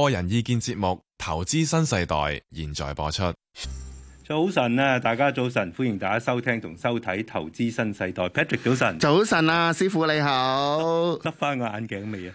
個人意見節目《投資新世代》現在播出。早晨啊，大家早晨，歡迎大家收聽同收睇《投資新世代》。Patrick 早晨，早晨啊，師傅你好。執翻個眼鏡未啊？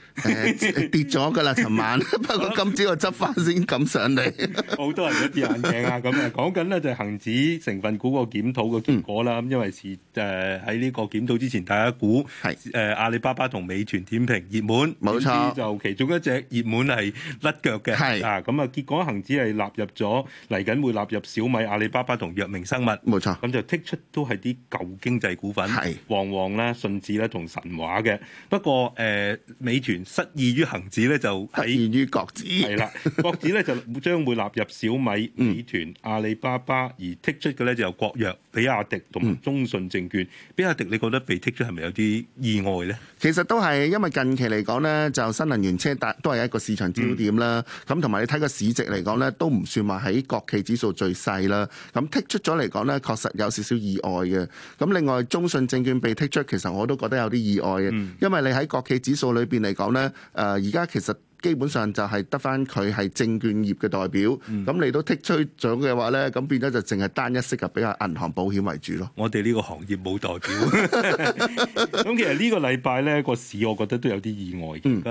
跌咗㗎啦，尋晚。不過今朝我執翻先，咁上嚟。好多人都跌眼鏡啊！咁啊，講緊咧就係恆指成分股個檢討嘅結果啦。咁因為係誒喺呢個檢討之前，大家估係誒阿里巴巴同美團點評熱門。冇錯。就其中一隻熱門係甩腳嘅。係。啊咁啊，結果恆指係納入咗嚟緊會納入小米啊。阿里巴巴同藥明生物，冇錯。咁就剔出都係啲舊經濟股份，係旺旺啦、信置啦同神華嘅。不過誒、呃，美團失意於恒指咧，失意於對 就係緣於國指係啦，國指咧就將會納入小米、美團、嗯、阿里巴巴，而剔出嘅咧就由國藥、比亞迪同中信證券。嗯、比亞迪你覺得被剔出係咪有啲意外咧？其實都係，因為近期嚟講咧，就新能源車都係一個市場焦點啦。咁同埋你睇個市值嚟講咧，都唔算話喺國企指數最細啦。咁剔出咗嚟講呢，確實有少少意外嘅。咁另外，中信證券被剔出，其實我都覺得有啲意外嘅、嗯，因為你喺國企指數裏邊嚟講呢，誒而家其實，基本上就係得翻佢係證券業嘅代表，咁你都剔除咗嘅話咧，咁變咗就淨係單一適合比較銀行保險為主咯。我哋呢個行業冇代表， 咁 其實呢個禮拜咧個市，我覺得都有啲意外嘅，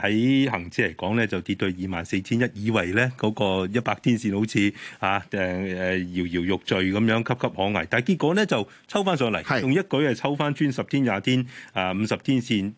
喺恒指嚟講咧，嗯呃、就跌到二萬四千一，以為咧嗰個一百天線好似啊誒搖搖欲墜咁樣，岌岌可危，但係結果咧就抽翻上嚟，用一舉係抽翻穿十天廿天啊五十天線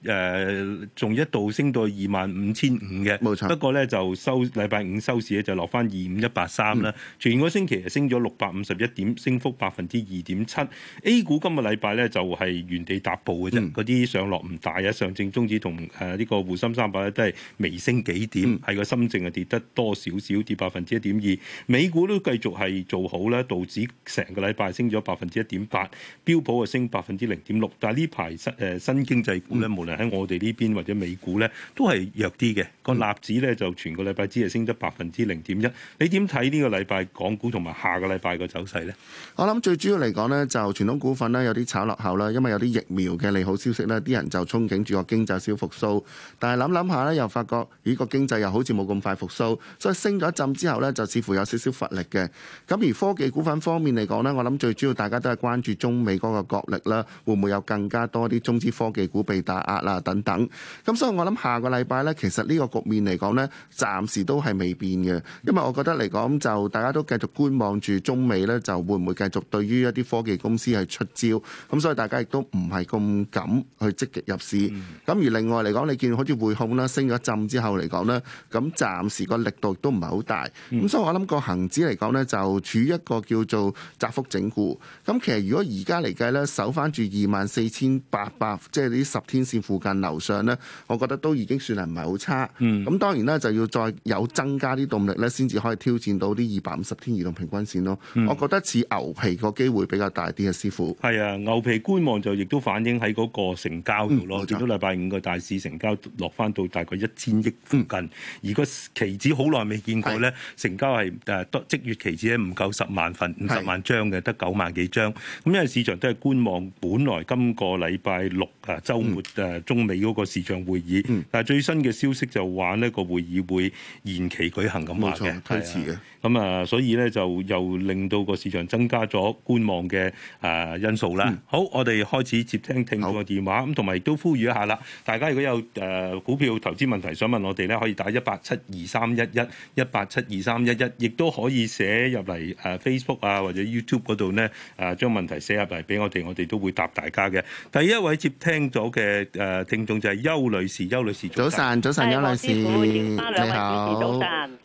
仲、呃、一度升到二萬五千。五、嗯、嘅、嗯，冇錯，不過咧就收禮拜五收市咧就落翻二五一八三啦。全個星期係升咗六百五十一點，升幅百分之二點七。A 股今個禮拜咧就係原地踏步嘅啫，嗰、嗯、啲上落唔大啊。上證中指同誒呢個滬深三百咧都係微升幾點，係、嗯、個深證啊跌得多少少，跌百分之一點二。美股都繼續係做好啦，道指成個禮拜升咗百分之一點八，標普啊升百分之零點六。但係呢排新誒新經濟股咧，無論喺我哋呢邊或者美股咧，都係弱啲嘅。個納指咧就全個禮拜只係升咗百分之零點一，你點睇呢個禮拜港股同埋下個禮拜個走勢呢？我諗最主要嚟講呢，就傳統股份呢，有啲炒落後啦，因為有啲疫苗嘅利好消息呢，啲人就憧憬住個經濟小複蘇。但係諗諗下呢，又發覺咦個經濟又好似冇咁快複蘇，所以升咗一浸之後呢，就似乎有少少乏力嘅。咁而科技股份方面嚟講呢，我諗最主要大家都係關注中美嗰個角力啦，會唔會有更加多啲中資科技股被打壓啦等等？咁所以我諗下個禮拜呢，其實。呢、這個局面嚟講，呢暫時都係未變嘅，因為我覺得嚟講就大家都繼續觀望住中美咧，就會唔會繼續對於一啲科技公司係出招，咁所以大家亦都唔係咁敢去積極入市。咁、嗯、而另外嚟講，你見好似匯控啦，升咗一陣之後嚟講，呢咁暫時個力度都唔係好大。咁、嗯、所以我諗個恆指嚟講，呢就處於一個叫做窄幅整固。咁其實如果而家嚟計咧，守翻住二萬四千八百，即係呢十天線附近樓上咧，我覺得都已經算係唔係好差。嗯，咁當然咧就要再有增加啲動力咧，先至可以挑戰到啲二百五十天移動平均線咯。我覺得似牛皮個機會比較大啲嘅師傅。係啊，牛皮觀望就亦都反映喺嗰個成交度咯。見到禮拜五個大市成交落翻到大概一千億附近，嗯嗯、而個期指好耐未見過咧，成交係誒多即月期指咧唔夠十萬份、五十萬張嘅，得九萬幾張。咁因為市場都係觀望，本來今個禮拜六啊週末誒、嗯啊、中美嗰個視像會議，嗯、但係最新嘅消息，就話呢個會議會延期舉行，咁冇錯推遲嘅。咁啊，所以咧就又令到個市場增加咗觀望嘅誒因素啦。好，我哋開始接聽聽眾嘅電話，咁同埋亦都呼籲一下啦，大家如果有誒股票投資問題想問我哋咧，可以打一八七二三一一一八七二三一一，亦都可以寫入嚟誒 Facebook 啊或者 YouTube 嗰度咧，誒將問題寫入嚟俾我哋，我哋都會答大家嘅。第一位接聽咗嘅誒聽眾就係邱女士。邱女士，早晨，早晨。要花阿師傅兩位單，到好。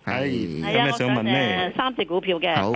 係、嗯，有咩想呢？我想問咧？三、uh, 隻股票嘅，好。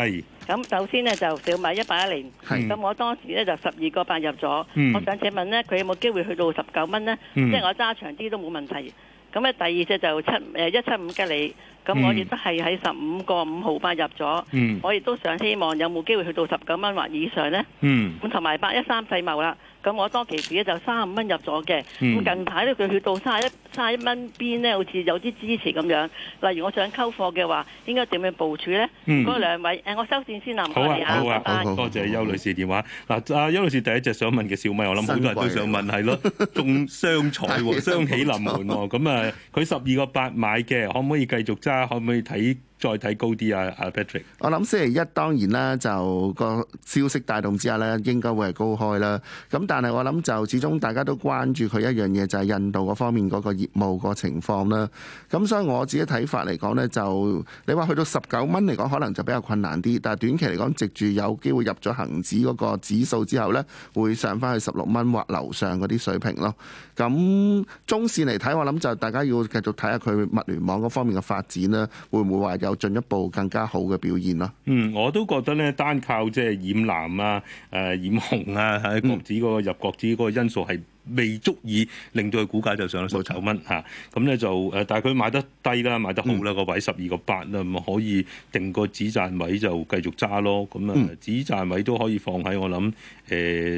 咁首先呢，就小米一八一零，咁我當時咧就十二個八入咗。我想請問咧，佢有冇機會去到十九蚊咧？即係、就是、我揸長啲都冇問題。咁咧第二隻就七誒一七五吉利。咁我亦都係喺十五個五毫八入咗，我亦都想希望有冇機會去到十九蚊或以上咧。咁同埋八一三世茂啦，咁我當其時咧就三十五蚊入咗嘅。咁近排咧佢去到卅一、卅一蚊邊咧，好似有啲支持咁樣。例如我想溝貨嘅話，應該點樣部署咧？嗰兩位誒，我收線先啦。好啊，好啊，多謝邱女士電話。嗱，阿邱女士第一隻想問嘅小米，我諗好多人都想問，係咯，中雙彩喎，雙喜臨門喎。咁啊，佢十二個八買嘅，可唔可以繼續揸？大家可唔可以睇？再睇高啲啊阿 Patrick，我諗星期一當然啦，就個消息帶動之下咧，應該會係高開啦。咁但係我諗就始終大家都關注佢一樣嘢，就係印度嗰方面嗰個業務個情況啦。咁所以我自己睇法嚟講咧，就你話去到十九蚊嚟講可能就比較困難啲。但係短期嚟講，藉住有機會入咗恒指嗰個指數之後咧，會上翻去十六蚊或樓上嗰啲水平咯。咁中線嚟睇，我諗就大家要繼續睇下佢物聯網嗰方面嘅發展啦，會唔會話，有有進一步更加好嘅表現咯。嗯，我都覺得咧，單靠即係染藍啊、誒、呃、染紅啊喺國指嗰個入國指嗰個因素係未足以令到佢股價就上到十九蚊嚇。咁咧、啊、就誒，但係佢買得低啦，買得好啦、嗯那個位十二個八啦，咪可以定個止賺位就繼續揸咯。咁啊，嗯、止賺位都可以放喺我諗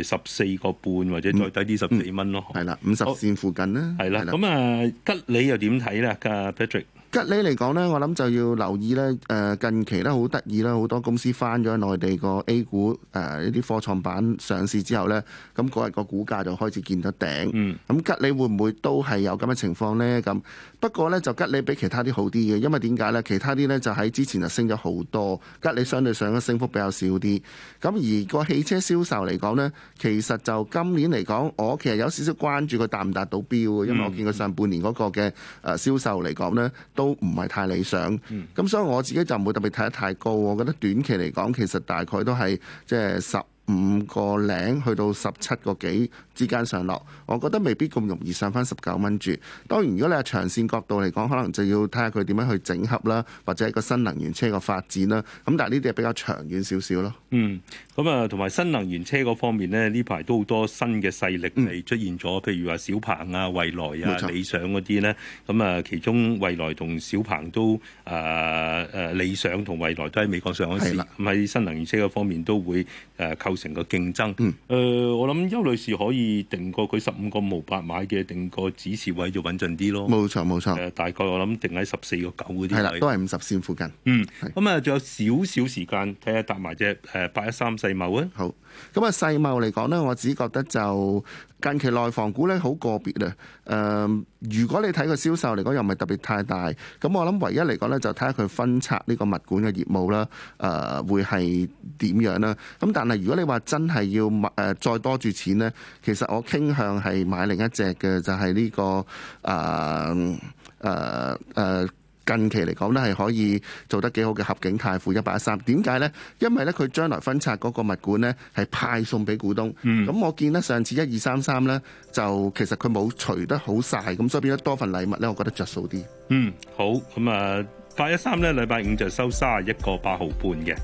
十四個半或者再低啲十四蚊咯。啦、嗯，五、啊、十線附近啦。啦。咁啊，吉利又點睇咧？噶 Patrick。吉利嚟講呢，我諗就要留意呢。近期呢，好得意啦，好多公司翻咗內地個 A 股誒一啲科創板上市之後呢，咁嗰日個股價就開始見到頂。咁、嗯、吉利會唔會都係有咁嘅情況呢？咁不過呢，就吉利比其他啲好啲嘅，因為點解呢？其他啲呢就喺之前就升咗好多，吉利相對上嘅升幅比較少啲。咁而個汽車銷售嚟講呢，其實就今年嚟講，我其實有少少關注佢達唔達到標。因為我見佢上半年嗰個嘅誒銷售嚟講呢。都唔係太理想，咁所以我自己就唔會特別睇得太高。我覺得短期嚟講，其實大概都係即係十五個零去到十七個幾。之間上落，我覺得未必咁容易上翻十九蚊住。當然，如果你係長線角度嚟講，可能就要睇下佢點樣去整合啦，或者一個新能源車個發展啦。咁但係呢啲係比較長遠少少咯。嗯，咁啊，同埋新能源車嗰方面呢，呢排都好多新嘅勢力嚟出現咗，譬、嗯、如話小鵬啊、蔚來啊、理想嗰啲呢。咁啊，其中蔚來同小鵬都啊誒、呃，理想同蔚來都喺美國上市，咁喺新能源車嗰方面都會誒構成個競爭。嗯，呃、我諗邱女士可以。定過個佢十五個無百買嘅，定個指示位要穩陣啲咯。冇錯冇錯、呃，大概我諗定喺十四個九嗰啲係啦，都係五十線附近。嗯，咁啊，仲、嗯、有少少時間睇下搭埋隻八一三世茂啊。好，咁啊，世茂嚟講呢，我只覺得就近期內房股呢好個別啊。誒、呃，如果你睇個銷售嚟講，又唔係特別太大。咁我諗唯一嚟講呢，就睇下佢分拆呢個物管嘅業務啦。誒、呃，會係點樣啦？咁但係如果你話真係要誒再多住錢呢。其實我傾向係買另一隻嘅，就係呢個誒誒誒近期嚟講咧係可以做得幾好嘅合景泰富一八一三。點解呢？因為呢，佢將來分拆嗰個物管呢，係派送俾股東。咁、嗯、我見咧上次一二三三呢，就其實佢冇除得好晒。咁所以變咗多份禮物呢，我覺得着數啲。嗯，好。咁啊，八一三呢，禮拜五就收卅一個八毫半嘅。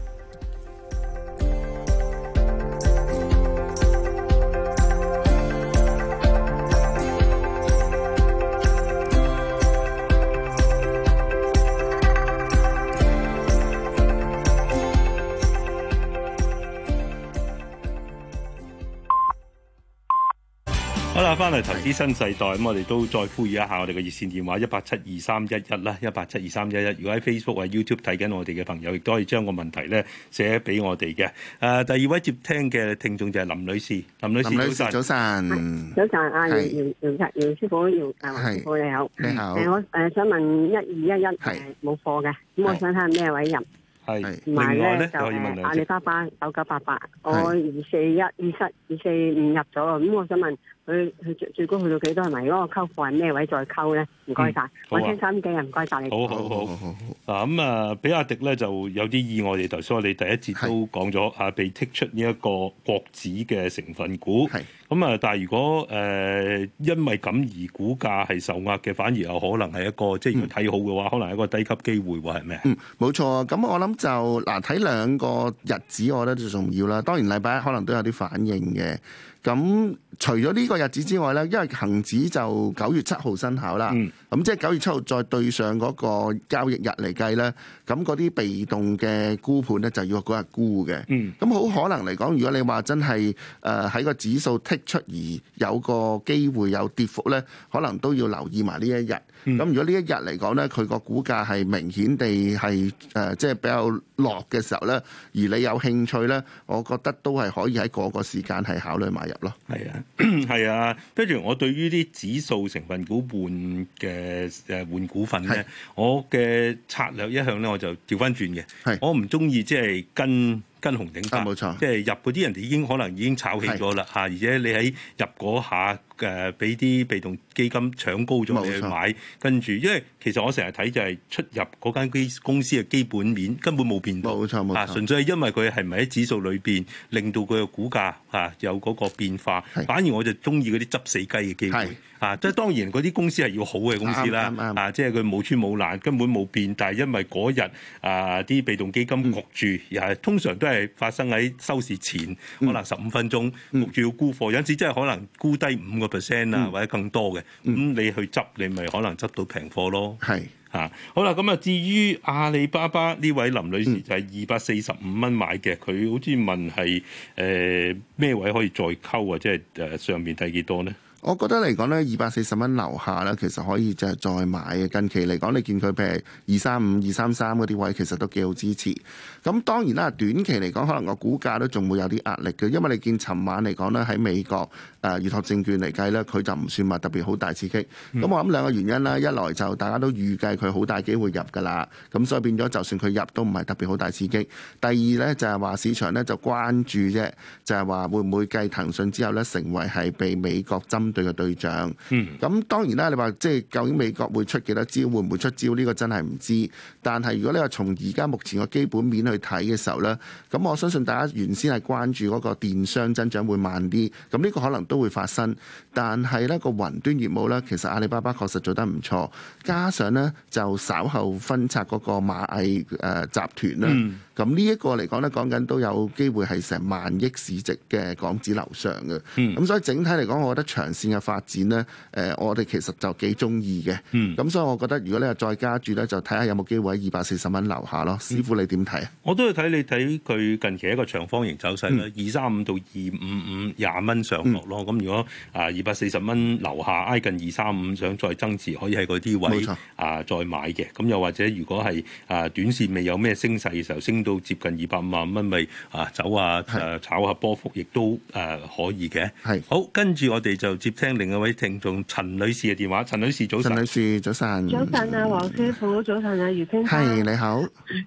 好啦，翻嚟投資新世代，咁我哋都再呼籲一下我哋嘅熱線電話一八七二三一一啦，一八七二三一一。如果喺 Facebook 或 YouTube 睇緊我哋嘅朋友，亦都可以將個問題咧寫俾我哋嘅。誒、uh，第二位接聽嘅聽眾就係林，林女士，林女士早晨，早晨，早晨，阿楊楊楊楊師傅，楊啊，楊你好，你好，誒、呃呃，想問一二一一誒冇貨嘅，咁、呃嗯、我想睇下咩位入，係，另外咧就誒、呃、阿里巴巴九九八八，9988，我二四一二七二四五入咗，咁我想問。佢佢最最高去到、嗯啊、幾多？係咪如果我溝貨係咩位再溝咧？唔該晒，我聽三點幾唔該晒。你。好好好好，好。嗱咁啊，比亞迪咧就有啲意外嘅頭先，我哋第一節都講咗啊，被剔出呢一個國指嘅成分股。係咁啊，但係如果誒、呃、因為咁而股價係受壓嘅，反而又可能係一個即係要睇好嘅話、嗯，可能係一個低級機會喎？係咪？嗯，冇錯。咁我諗就嗱，睇兩個日子，我覺得最重要啦。當然禮拜一可能都有啲反應嘅。咁除咗呢個日子之外呢，因為恒指就九月七號生效啦，咁、嗯、即係九月七號再對上嗰個交易日嚟計呢，咁嗰啲被動嘅沽盤呢，就要嗰日沽嘅，咁、嗯、好可能嚟講，如果你話真係誒喺個指數剔出而有個機會有跌幅呢，可能都要留意埋呢一日。咁、嗯、如果呢一日嚟講呢，佢個股價係明顯地係即係比較落嘅時候呢，而你有興趣呢，我覺得都係可以喺嗰個時間係考慮買入咯。係啊。係 啊，跟住我對於啲指數成分股換嘅誒換股份咧，我嘅策略一向咧，我就調返轉嘅，我唔中意即係跟。跟紅頂金、啊，即係入嗰啲人已經可能已經炒起咗啦嚇，而且你喺入嗰下嘅俾啲被動基金搶高咗你去買，跟住因為其實我成日睇就係出入嗰間基公司嘅基本面根本冇變動，冇錯冇、啊、錯，純粹係因為佢係唔係喺指數裏邊令到佢嘅股價嚇有嗰個變化，反而我就中意嗰啲執死雞嘅機會。啊！即係當然，嗰啲公司係要好嘅公司啦、嗯嗯嗯。啊，即係佢冇穿冇爛，根本冇變。但係因為嗰日啊，啲被動基金焗住，又、嗯、係通常都係發生喺收市前、嗯、可能十五分鐘焗住、嗯、要沽貨，有陣時真係可能沽低五個 percent 啊、嗯，或者更多嘅。咁、嗯、你去執，你咪可能執到平貨咯。係啊，好啦，咁啊，至於阿里巴巴呢位林女士就係二百四十五蚊買嘅，佢、嗯、好似問係誒咩位可以再溝啊？即係誒上面睇幾多呢？我覺得嚟講呢，二百四十蚊樓下呢，其實可以就係再買嘅。近期嚟講，你見佢譬如二三五、二三三嗰啲位，其實都幾好支持。咁當然啦，短期嚟講，可能個股價都仲會有啲壓力嘅，因為你見尋晚嚟講呢，喺美國，誒預託證券嚟計咧，佢就唔算話特別好大刺激。咁、嗯、我諗兩個原因啦，一來就大家都預計佢好大機會入㗎啦，咁所以變咗就算佢入都唔係特別好大刺激。第二咧就係、是、話市場咧就關注啫，就係、是、話會唔會繼騰訊之後咧成為係被美國針對嘅對象。咁、嗯、當然啦，你話即係究竟美國會出幾多招，會唔會出招呢？這個真係唔知。但係如果你話從而家目前個基本面去睇嘅時候咧，咁我相信大家原先係關注嗰個電商增長會慢啲，咁呢個可能都。都會發生，但係咧個雲端業務咧，其實阿里巴巴確實做得唔錯，加上咧就稍後分拆嗰個螞蟻誒集團咧，咁、嗯、呢一個嚟講咧，講緊都有機會係成萬億市值嘅港紙樓上嘅，咁、嗯、所以整體嚟講，我覺得長線嘅發展咧，誒、呃、我哋其實就幾中意嘅，咁、嗯、所以我覺得如果你再加住咧，就睇下有冇機會喺二百四十蚊樓下咯。師傅你點睇？我都要睇你睇佢近期一個長方形走勢咧，嗯，二三五到二五五廿蚊上落咯。嗯咁、哦，如果啊二百四十蚊樓下挨近二三五，想再增持，可以喺嗰啲位啊、呃、再買嘅。咁、呃、又或者如果係啊、呃、短線未有咩升勢嘅時候，升到接近二百五十蚊，咪、呃、啊走下炒下波幅也，亦都誒可以嘅。係好，跟住我哋就接聽另外一位聽眾陳女士嘅電話。陳女士早。陳女士早晨。早晨啊，黃師傅早晨啊，余先生。係你好，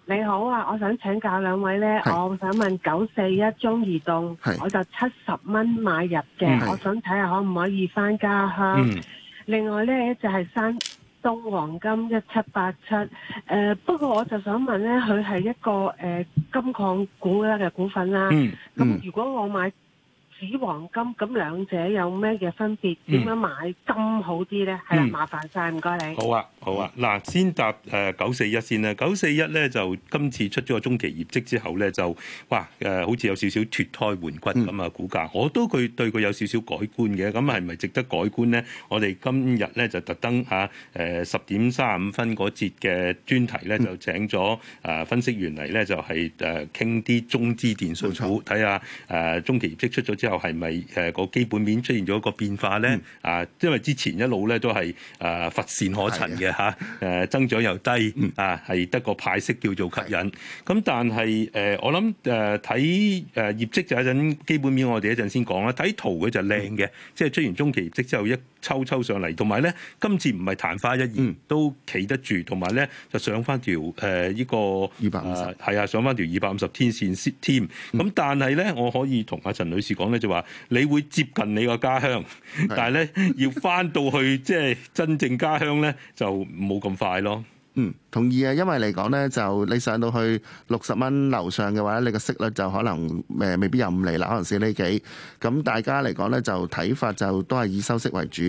你好啊！我想請教兩位咧，我想問九四一中移動，我就七十蚊買入嘅。嗯我想睇下可唔可以翻家鄉、嗯。另外呢，就係、是、山東黃金一七八七，誒、呃、不過我就想問呢，佢係一個誒、呃、金礦股啦嘅股份啦、啊。咁、嗯、如果我買紙黃金咁兩者有咩嘅分別？點樣買金好啲咧？係、嗯、啦，麻煩晒，唔該你。好啊，好啊，嗱，先答誒九四一先啦。九四一咧就今次出咗個中期業績之後咧，就哇誒，好似有少少脫胎換骨咁啊，股價我都佢對佢有少少改觀嘅。咁係咪值得改觀咧？我哋今日咧就特登嚇誒十點三十五分嗰節嘅專題咧，就請咗誒分析員嚟咧，就係誒傾啲中資電信股，睇下誒中期業績出咗之後。又係咪誒個基本面出現咗一個變化咧？啊、嗯，因為之前一路咧都係誒乏善可陳嘅，吓誒，增長又低，嗯、啊，係得個派息叫做吸引。咁但係誒、呃、我諗誒睇誒業績就一陣基本面我，我哋一陣先講啦。睇圖佢就靚嘅，即係出完中期業績之後一抽抽上嚟，同埋咧今次唔係曇花一現，嗯、都企得住，同埋咧就上翻條誒呢個二百五十係啊，上翻條二百五十天線添。咁、嗯、但係咧，我可以同阿陳女士講咧。就話、是、你會接近你個家鄉，但係咧 要翻到去即係、就是、真正家鄉咧，就冇咁快咯。嗯。同意啊，因為嚟講呢，就你上到去六十蚊樓上嘅話，你個息率就可能、呃、未必有五厘啦，可能四厘幾。咁大家嚟講呢，就睇法就都係以收息為主。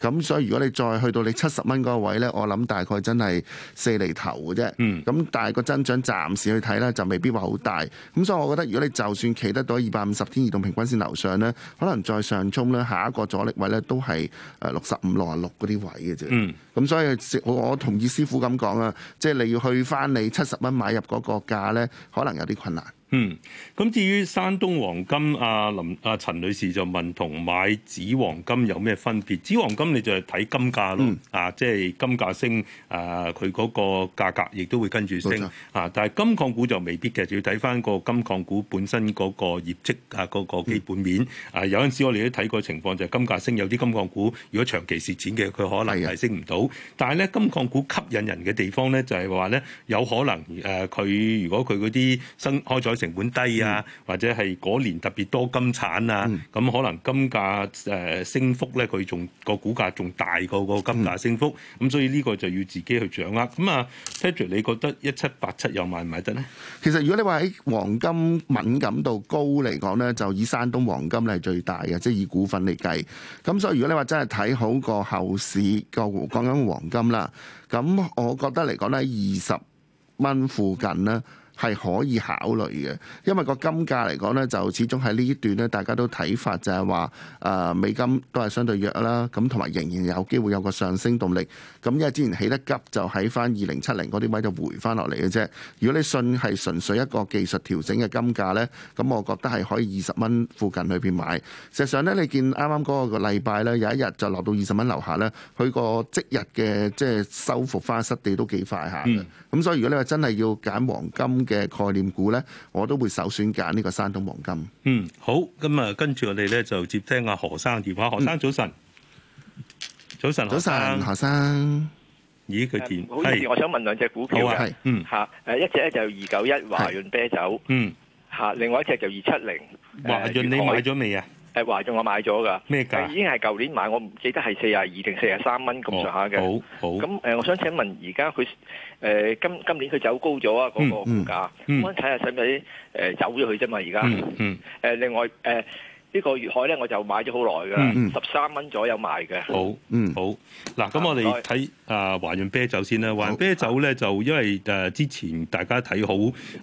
咁所以如果你再去到你七十蚊嗰個位呢，我諗大概真係四厘頭嘅啫。咁、嗯、但係個增長暫時去睇呢，就未必話好大。咁所以我覺得，如果你就算企得到二百五十天移動平均線樓上呢，可能再上衝呢，下一個阻力位呢都係六十五、六十六嗰啲位嘅啫。咁、嗯、所以我，我同意師傅咁講啊。即係你要去翻你七十蚊買入嗰個價咧，可能有啲困難。嗯，咁至於山東黃金阿、啊、林啊陳女士就問同買紙黃金有咩分別？紙黃金你就係睇金價咯、嗯，啊即係、就是、金價升啊佢嗰個價格亦都會跟住升啊，但係金礦股就未必嘅，就要睇返個金礦股本身嗰個業績啊嗰、那個基本面、嗯、啊有陣時我哋都睇過情況，就係、是、金價升有啲金礦股如果長期蝕錢嘅佢可能係升唔到，但係咧金礦股吸引人嘅地方咧就係話咧有可能誒佢、啊、如果佢嗰啲新開採。成本低啊，或者係嗰年特別多金產啊，咁、嗯、可能金價誒升幅咧，佢仲個股價仲大過個金價升幅，咁、嗯、所以呢個就要自己去掌握。咁啊，Tiger，你覺得一七八七又買唔買得咧？其實如果你話喺黃金敏感度高嚟講咧，就以山東黃金咧係最大嘅，即、就、係、是、以股份嚟計。咁所以如果你話真係睇好個後市個講緊黃金啦，咁我覺得嚟講咧喺二十蚊附近咧。係可以考慮嘅，因為個金價嚟講呢，就始終喺呢一段咧，大家都睇法就係話，誒、呃、美金都係相對弱啦，咁同埋仍然有機會有個上升動力。咁因為之前起得急，就喺翻二零七零嗰啲位就回翻落嚟嘅啫。如果你信係純粹一個技術調整嘅金價呢，咁我覺得係可以二十蚊附近裏邊買。事實上呢，你見啱啱嗰個禮拜呢，有一日就落到二十蚊樓下呢，佢個即日嘅即係收復翻失地都幾快下嘅。咁、嗯、所以如果你話真係要揀黃金，嘅概念股咧，我都會首選揀呢個山東黃金。嗯，好，咁啊，跟住我哋咧就接聽阿何生電話。何生，早晨。早晨，早晨，何生，咦，佢點？好意思，我想問兩隻股票啊。嗯，嚇，誒一隻咧就二九一華潤啤酒。嗯，嚇，另外一隻就二七零華潤。你買咗未啊？誒話中我買咗㗎，已經係舊年買，我唔記得係四十二定四十三蚊咁上下嘅。好，好。咁誒，我想請問而家佢誒今今年佢走高咗啊？嗰個股價，咁睇下，使唔使誒走咗佢啫嘛？而家。嗯。誒，另外誒呢個粵海咧，我就買咗好耐㗎喇，十三蚊左右賣嘅。好，嗯，好。嗱，咁我哋睇。啊，華潤啤酒先啦。華潤啤酒咧就因為、啊、之前大家睇好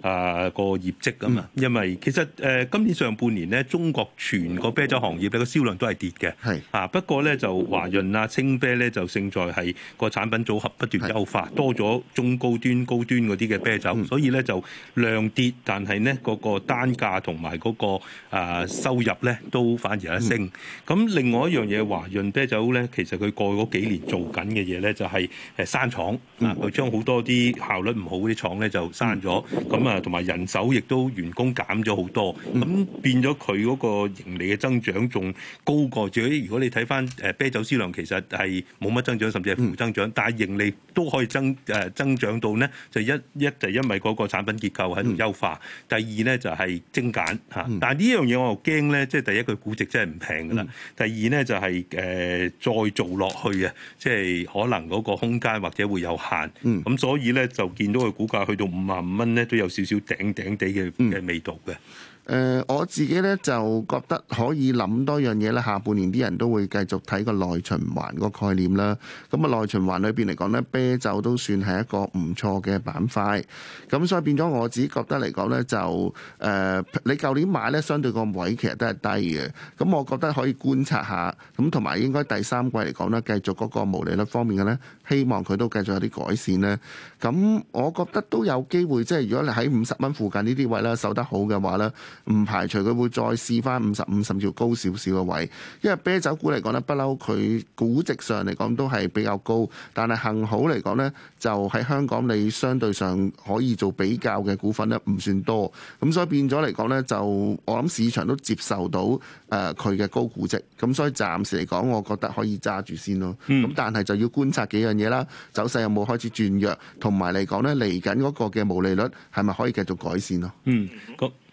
啊個業績咁嘛、嗯。因為其實、啊、今年上半年咧，中國全個啤酒行業比個銷量都係跌嘅。啊，不過咧就華潤啊、青啤咧就勝在係個產品組合不斷優化，多咗中高端、高端嗰啲嘅啤酒，嗯、所以咧就量跌，但係呢，個、嗰個單價同埋嗰個、啊、收入咧都反而係升。咁、嗯、另外一樣嘢，華潤啤酒咧其實佢過嗰幾年做緊嘅嘢咧就係。係、就、誒、是，刪廠啊，佢將好多啲效率唔好啲廠咧就刪咗，咁啊同埋人手亦都員工減咗好多，咁、嗯、變咗佢嗰個盈利嘅增長仲高過。至於如果你睇翻誒啤酒銷量，其實係冇乜增長，甚至係負增長，嗯、但係盈利都可以增誒、呃、增長到咧，就一一就因為嗰個產品結構喺度優化、嗯，第二咧就係精簡吓、嗯，但係呢樣嘢我又驚咧，即、就、係、是、第一佢估值真係唔平㗎啦，第二咧就係、是、誒、呃、再做落去啊，即、就、係、是、可能、那個個空間或者會有限，咁、嗯、所以咧就見到佢股價去到五萬五蚊咧，都有少少頂頂地嘅嘅味道嘅。嗯誒、呃、我自己咧就覺得可以諗多樣嘢咧，下半年啲人都會繼續睇個內循環個概念啦。咁啊，內循環裏邊嚟講咧，啤酒都算係一個唔錯嘅板塊。咁所以變咗，我自己覺得嚟講咧，就誒、呃、你舊年買咧，相對個位其實都係低嘅。咁我覺得可以觀察下。咁同埋應該第三季嚟講咧，繼續嗰個毛利率方面嘅咧，希望佢都繼續有啲改善咧。咁我覺得都有機會，即係如果你喺五十蚊附近呢啲位咧，守得好嘅話咧。唔排除佢會再試翻五十五甚至高少少嘅位，因為啤酒股嚟講呢不嬲佢估值上嚟講都係比較高，但係幸好嚟講呢就喺香港你相對上可以做比較嘅股份呢唔算多，咁所以變咗嚟講呢就我諗市場都接受到誒佢嘅高估值，咁所以暫時嚟講，我覺得可以揸住先咯。咁但係就要觀察幾樣嘢啦，走勢有冇開始轉弱，同埋嚟講呢嚟緊嗰個嘅毛利率係咪可以繼續改善咯？嗯。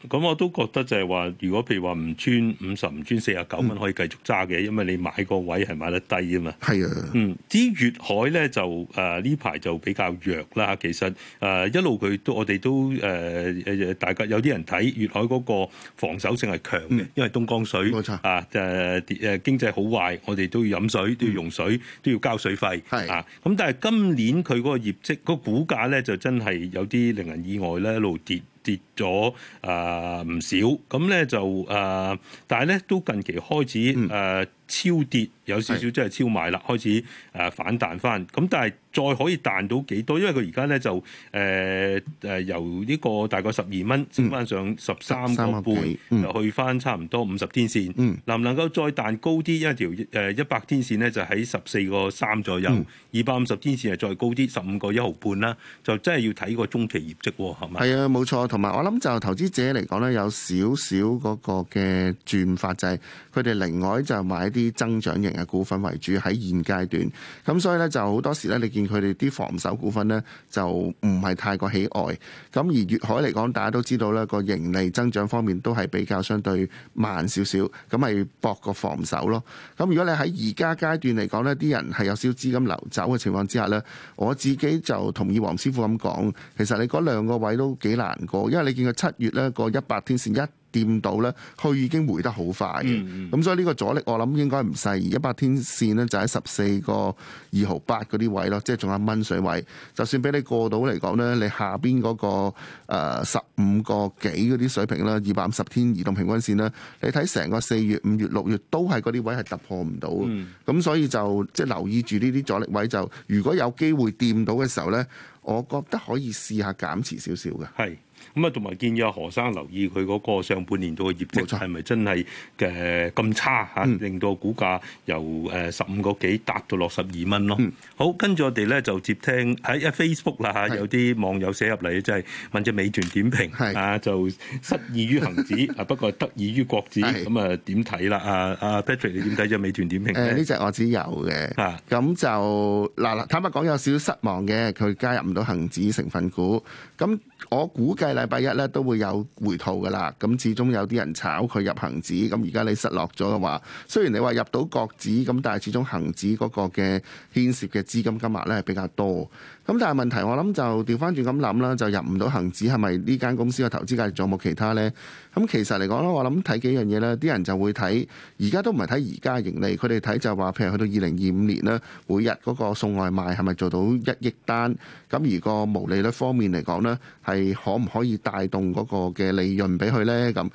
咁我都覺得就係話，如果譬如話唔穿五十，唔穿四十九蚊可以繼續揸嘅，因為你買個位係買得低啊嘛。係啊，嗯，啲粵海咧就誒呢排就比較弱啦。其實誒、呃、一路佢都我哋都誒誒大家有啲人睇粵海嗰個防守性係強嘅、嗯，因為東江水冇錯啊誒誒經濟好壞，我哋都要飲水，都要用水，都要交水費係啊。咁但係今年佢嗰個業績、個股價咧就真係有啲令人意外咧，一路跌。跌咗、呃、唔少，咁咧就、呃、但係咧都近期開始、呃、超跌。有少少即係超賣啦，開始誒反彈翻。咁但係再可以彈到幾多？因為佢而家咧就、呃呃、由呢個大概十二蚊升翻上十三個半，去翻差唔多五十天線。嗯、能唔能夠再彈高啲？一條一百天線咧就喺十四個三左右，二百五十天線誒再高啲十五個一毫半啦。就真係要睇個中期業績係嘛？係啊，冇錯。同埋我諗就投資者嚟講咧，有少少嗰個嘅轉法，就係佢哋另外就買啲增長型嘅股份為主喺現階段，咁所以咧就好多時咧，你見佢哋啲防守股份咧就唔係太過喜愛。咁而粵海嚟講，大家都知道咧個盈利增長方面都係比較相對慢少少，咁咪搏個防守咯。咁如果你喺而家階段嚟講呢，啲人係有少資金流走嘅情況之下呢，我自己就同意黃師傅咁講。其實你嗰兩個位都幾難過，因為你見佢七月咧個一百天線一。掂到咧，佢已經回得好快嘅，咁、嗯、所以呢個阻力我諗應該唔細。一百天線咧就喺十四個二毫八嗰啲位咯，即係仲有蚊水位。就算俾你過到嚟講咧，你下邊嗰、誒十五個幾嗰啲水平啦，二百五十天移動平均線啦，你睇成個四月、五月、六月都係嗰啲位係突破唔到。咁、嗯、所以就即係留意住呢啲阻力位，就如果有機會掂到嘅時候咧，我覺得可以試下減持少少嘅。係。咁啊，同埋建議阿何生留意佢嗰個上半年度嘅業績係咪真係嘅咁差嚇，令到股價由誒十五個幾跌到落十二蚊咯。好，跟住我哋咧就接聽喺 Facebook 啦，有啲網友寫入嚟，即係問隻美團點評啊，就失意於恆指，不過得意於國指，咁啊點睇啦？阿阿 Patrick 你點睇隻美團點評？誒呢隻我知有嘅，咁就嗱坦白講有少少失望嘅，佢加入唔到恆指成分股咁。我估計禮拜一咧都會有回吐噶啦，咁始終有啲人炒佢入恒指，咁而家你失落咗嘅話，雖然你話入到國指，咁但係始終恒指嗰個嘅牽涉嘅資金金額咧係比較多。咁但係問題，我諗就調翻轉咁諗啦，就入唔到恒指係咪呢間公司嘅投資價值仲有冇其他呢？咁其實嚟講咧，我諗睇幾樣嘢啦。啲人就會睇而家都唔係睇而家盈利，佢哋睇就係話，譬如去到二零二五年呢，每日嗰個送外賣係咪做到一億單？咁而個毛利率方面嚟講呢，係可唔可以帶動嗰個嘅利潤俾佢呢？咁。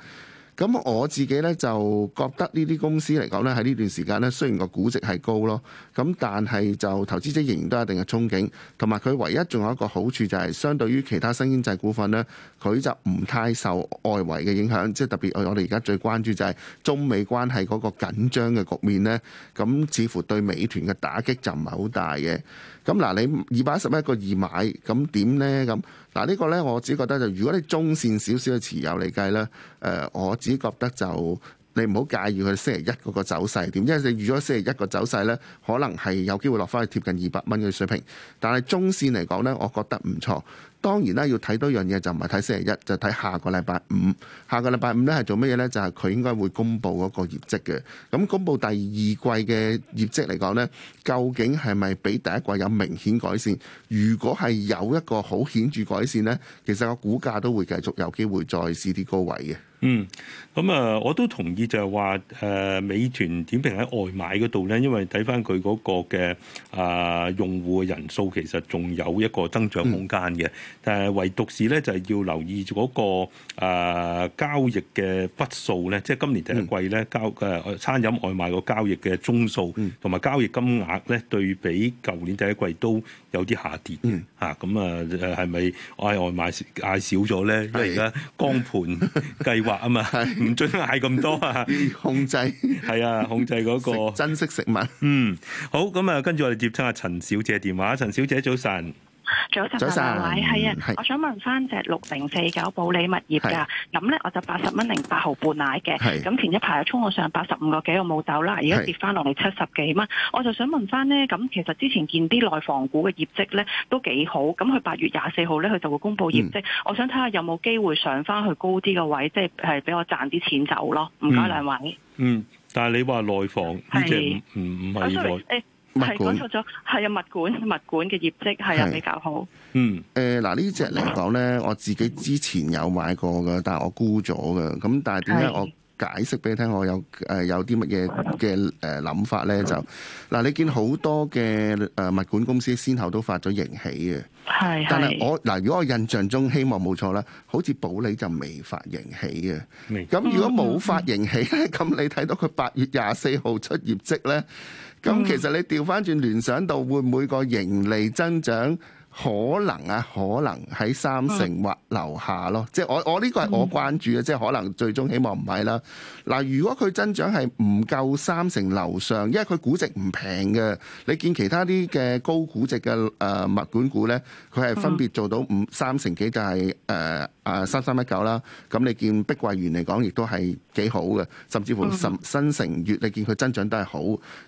咁我自己咧，就覺得呢啲公司嚟講咧，喺呢段時間咧，雖然個估值係高咯，咁但係就投資者仍然都有一定嘅憧憬，同埋佢唯一仲有一個好處就係、是、相對於其他新經濟股份咧，佢就唔太受外圍嘅影響，即係特別我哋而家最關注就係中美關係嗰個緊張嘅局面咧，咁似乎對美團嘅打擊就唔係好大嘅。咁嗱，你二百一十一個二買，咁點呢？咁嗱，呢個呢，我自己覺得就如果你中線少少嘅持有嚟計呢，誒，我只覺得就你唔好介意佢星期一嗰個走勢點，因為你預咗星期一個走勢呢，可能係有機會落翻去貼近二百蚊嘅水平，但係中線嚟講呢，我覺得唔錯。當然啦，要睇多樣嘢就唔係睇星期一，就睇下個禮拜五。下個禮拜五呢係做乜嘢呢？就係佢應該會公布嗰個業績嘅。咁公布第二季嘅業績嚟講呢，究竟係咪比第一季有明顯改善？如果係有一個好顯著改善呢，其實個股價都會繼續有機會再試啲高位嘅。嗯，咁啊，我都同意就係話誒美團點評喺外賣度咧，因為睇翻佢個嘅啊、呃，用戶嘅人數其實仲有一個增長空間嘅，但、嗯、係唯獨是咧就係、是、要留意、嗰個誒、呃、交易嘅筆數咧，即係今年第一季咧、嗯、交誒、呃、餐飲外賣個交易嘅宗數同埋交易金額咧，對比舊年第一季都有啲下跌吓咁、嗯、啊誒係咪嗌外賣嗌少咗咧？因為而家 光盤計劃。咁啊，唔准嗌咁多啊 控制笑！控制、嗰個，係啊，控制嗰個珍惜色食物。 嗯，好，咁啊，跟住我哋接聽阿陳小姐的電話。陳小姐，早晨。早晨，係啊、嗯，我想問翻隻六零四九保利物業噶，咁咧我就八十蚊零八毫半買嘅，咁前一排衝我上八十五個幾，我冇走啦，而家跌翻落嚟七十幾蚊，我就想問翻咧，咁其實之前見啲內房股嘅業績咧都幾好，咁佢八月廿四號咧佢就會公布業績，嗯，我想睇下有冇機會上翻去高啲嘅位，即係係俾我賺啲錢走咯，唔該兩位。嗯，嗯但係你話內房呢隻唔係係講錯咗，係啊，物管物管嘅業績係啊比較好。嗯，誒嗱，呢隻嚟講咧，我自己之前有買過噶，但係我沽咗噶。咁但係點解我解釋俾你聽，我有誒、呃、有啲乜嘢嘅誒諗法咧？就嗱、呃，你見好多嘅誒物管公司先後都發咗盈喜嘅，係但係我嗱、呃，如果我印象中希望冇錯啦，好似保利就未發盈喜嘅，未。咁如果冇發盈喜，咧、嗯，咁 你睇到佢八月廿四號出業績咧？咁、嗯、其實你調翻轉聯想到會唔會個盈利增長可能啊？可能喺三成或樓下咯。即我我呢個係我關注嘅，即係可能最終希望唔係啦。嗱，如果佢增長係唔夠三成樓上，因為佢估值唔平嘅。你見其他啲嘅高估值嘅、呃、物管股呢，佢係分別做到五三成幾，就係，就、呃、係啊、呃，三三一九啦，咁你見碧桂園嚟講，亦都係幾好嘅，甚至乎新城月，你見佢增長都係好。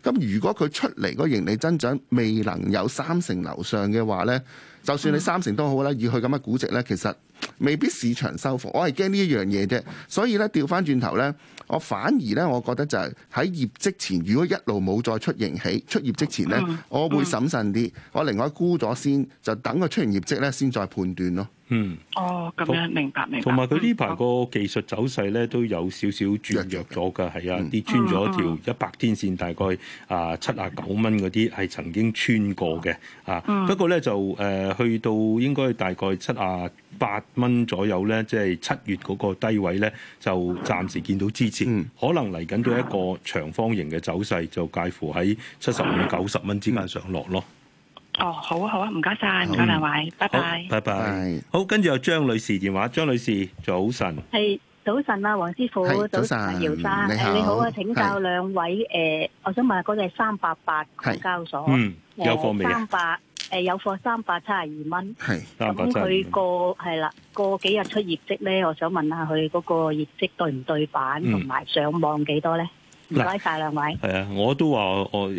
咁如果佢出嚟個盈利增長未能有三成樓上嘅話呢，就算你三成都好啦，以佢咁嘅估值呢，其實未必市場收貨，我係驚呢一樣嘢啫，所以呢，調返轉頭呢。我反而咧，我覺得就係喺業績前，如果一路冇再出盈起，出業績前咧、嗯，我會審慎啲、嗯。我另外沽咗先，就等佢出完業績咧，先再判斷咯。嗯，哦，咁樣明白明白。同埋佢呢排個技術走勢咧，都有少少轉弱咗嘅，係、嗯、啊，跌穿咗條一百天線，大概啊七十九蚊嗰啲係曾經穿過嘅啊、嗯。不過咧就誒、呃、去到應該大概七十八蚊左右咧，即係七月嗰個低位咧，就暫時見到支持。嗯、可能嚟緊到一個長方形嘅走勢，就介乎喺七十五、九十蚊之間上落咯。哦、嗯嗯，好啊，好啊，唔該曬，唔該兩位，拜拜，拜拜。好，跟住有張女士電話，張女士早晨，係早晨啊，黃師傅，早晨，姚生，你好，啊，請教兩位，誒、呃，我想問下嗰隻三八八，港交所，嗯，有貨未啊？三八。誒有貨三百七十二蚊，係咁佢個係啦，過幾日出業績咧？我想問下佢嗰個業績對唔對版，同埋上望幾多咧？唔該曬兩位。係啊，我都話我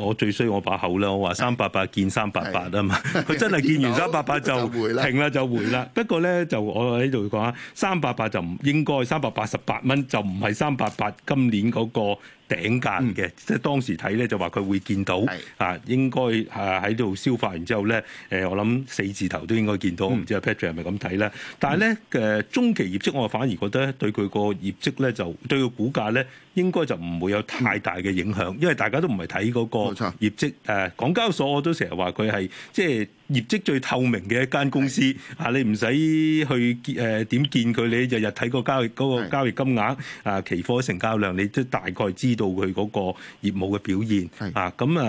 我最衰我把口啦，我話三百八見三百八啊嘛，佢真係見完三百八就停啦就回啦。不過咧就我喺度講啊，三百八就唔應該，三百八十八蚊就唔係三百八今年嗰個。頂價嘅，即係當時睇咧就話佢會見到，啊應該啊喺度消化完之後咧，誒我諗四字頭都應該見到，唔、嗯、知阿 Patrick 係咪咁睇咧？但係咧誒中期業績我反而覺得對佢個業績咧就對個股價咧應該就唔會有太大嘅影響，因為大家都唔係睇嗰個業績、啊、港交所我都成日話佢係即係。即係業績最透明嘅一間公司啊！你唔使去誒點見佢，你日日睇個交易嗰個交易金額啊，期貨成交量，你都大概知道佢嗰個業務嘅表現啊！咁啊，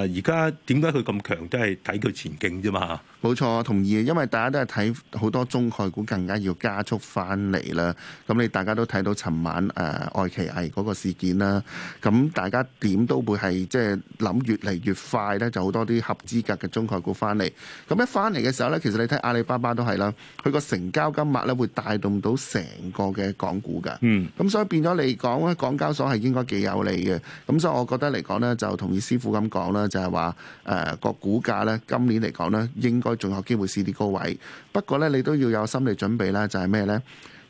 而家點解佢咁強都係睇佢前景啫嘛？冇錯，同意。因為大家都係睇好多中概股更加要加速翻嚟啦。咁你大家都睇到尋晚誒愛奇藝嗰個事件啦，咁大家點都會係即係諗越嚟越快咧，就好多啲合資格嘅中概股翻嚟。咁一翻嚟嘅時候呢，其實你睇阿里巴巴都係啦，佢個成交金額呢會帶動到成個嘅港股噶。咁、嗯、所以變咗嚟講呢，港交所係應該幾有利嘅。咁所以我覺得嚟講呢，就同意師傅咁講啦，就係話誒個股價呢，今年嚟講呢，應該仲有機會試啲高位。不過呢，你都要有心理準備啦，就係、是、咩呢？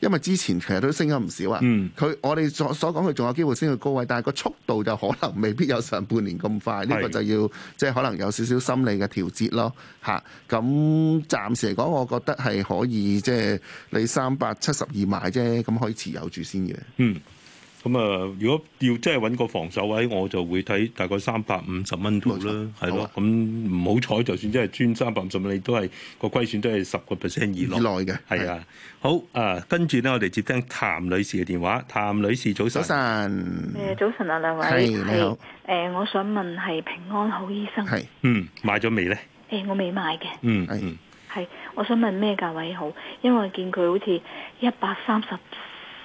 因為之前其實都升咗唔少啊，佢、嗯、我哋所所講佢仲有機會升去高位，但係個速度就可能未必有上半年咁快，呢、呢個就要即係、即係、可能有少少心理嘅調節咯嚇。咁、嗯、暫時嚟講，我覺得係可以即係、即係、你三百七十二買啫，咁可以持有住先嘅。嗯咁啊，如果真要真係揾個防守位，我就會睇大概三百五十蚊度啦。係咯，咁唔好彩，就算真係專三百五十蚊，你都係個虧損都係十個 percent 以內嘅。係啊，好啊，跟住咧，我哋接聽譚女士嘅電話。譚女士，早晨。早晨。誒、呃，早晨啊，兩位。係。你好。誒、呃，我想問係平安好醫生。係。嗯，買咗未咧？誒、呃，我未買嘅。嗯，係。係，我想問咩價位好？因為我見佢好似一百三十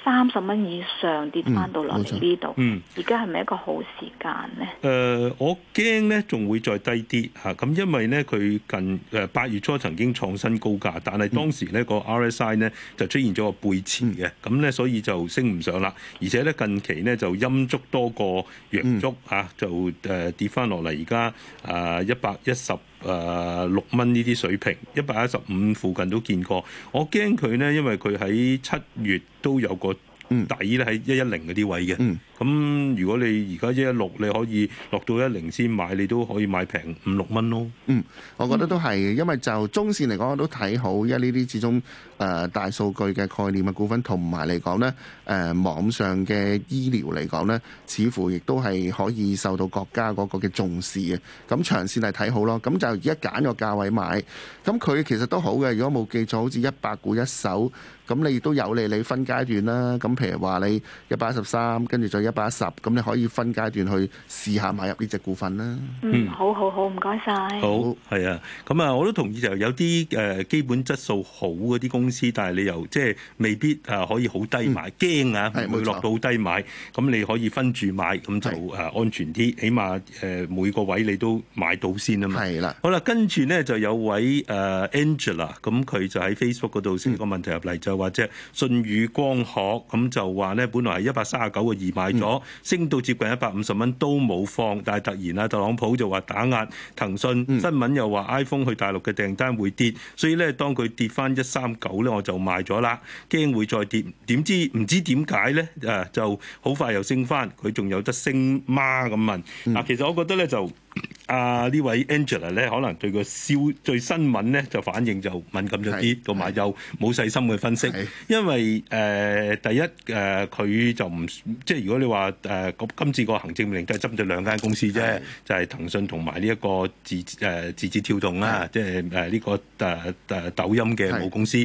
三十蚊以上跌翻到落嚟呢度，而家係咪一個好時間呢？誒、呃，我驚呢仲會再低啲嚇，咁、啊、因為呢，佢近誒八、呃、月初曾經創新高價，但係當時呢、嗯，那個 RSI 呢就出現咗個背馳嘅，咁呢所以就升唔上啦。而且呢，近期呢就陰燭多過陽燭、嗯、啊，就誒跌翻落嚟，而家啊一百一十。誒六蚊呢啲水平，一百一十五附近都見過。我驚佢呢，因為佢喺七月都有個底咧，喺一一零嗰啲位嘅。嗯咁如果你而家一一六你可以落到一零先買，你都可以買平五六蚊咯。嗯，我覺得都係，因為就中線嚟講都睇好，因為呢啲始終誒大數據嘅概念嘅股份，同埋嚟講咧誒網上嘅醫療嚟講咧，似乎亦都係可以受到國家嗰個嘅重視嘅。咁長線係睇好咯。咁就而家揀個價位買，咁佢其實都好嘅。如果冇記錯，好似一百股一手，咁你亦都有利你分階段啦。咁譬如話你一百一十三，跟住再一。一百一十咁，你可以分階段去試下買入呢隻股份啦。嗯，好好好，唔該晒。好，係啊。咁啊，我都同意，就有啲誒基本質素好嗰啲公司，但係你又即係未必誒可以好低買，驚、嗯、啊，會,會落到好低買。咁你可以分住買，咁就誒安全啲，起碼誒每個位你都買到先啊嘛。係啦。好啦，跟住咧就有位誒 Angela，咁佢就喺 Facebook 嗰度寫個問題入嚟、嗯，就話隻舜宇光學咁就話咧，本來係一百三十九個二買。嗯咗升到接近一百五十蚊都冇放，但係突然啊，特朗普就話打壓騰訊，新聞又話 iPhone 去大陸嘅訂單會跌，所以咧當佢跌翻一三九咧，我就賣咗啦，驚會再跌。點知唔知點解咧？誒就好快又升翻，佢仲有得升嗎？咁問嗱，其實我覺得咧就。啊！呢位 Angela 咧，可能對個消最新聞咧就反應就敏感咗啲，同埋又冇細心去分析。因為誒第一誒佢就唔即係如果你話誒今次個行政命令都係針對兩間公司啫，就係騰訊同埋呢一個字誒字節跳動啦，即係誒呢個誒誒抖音嘅母公司。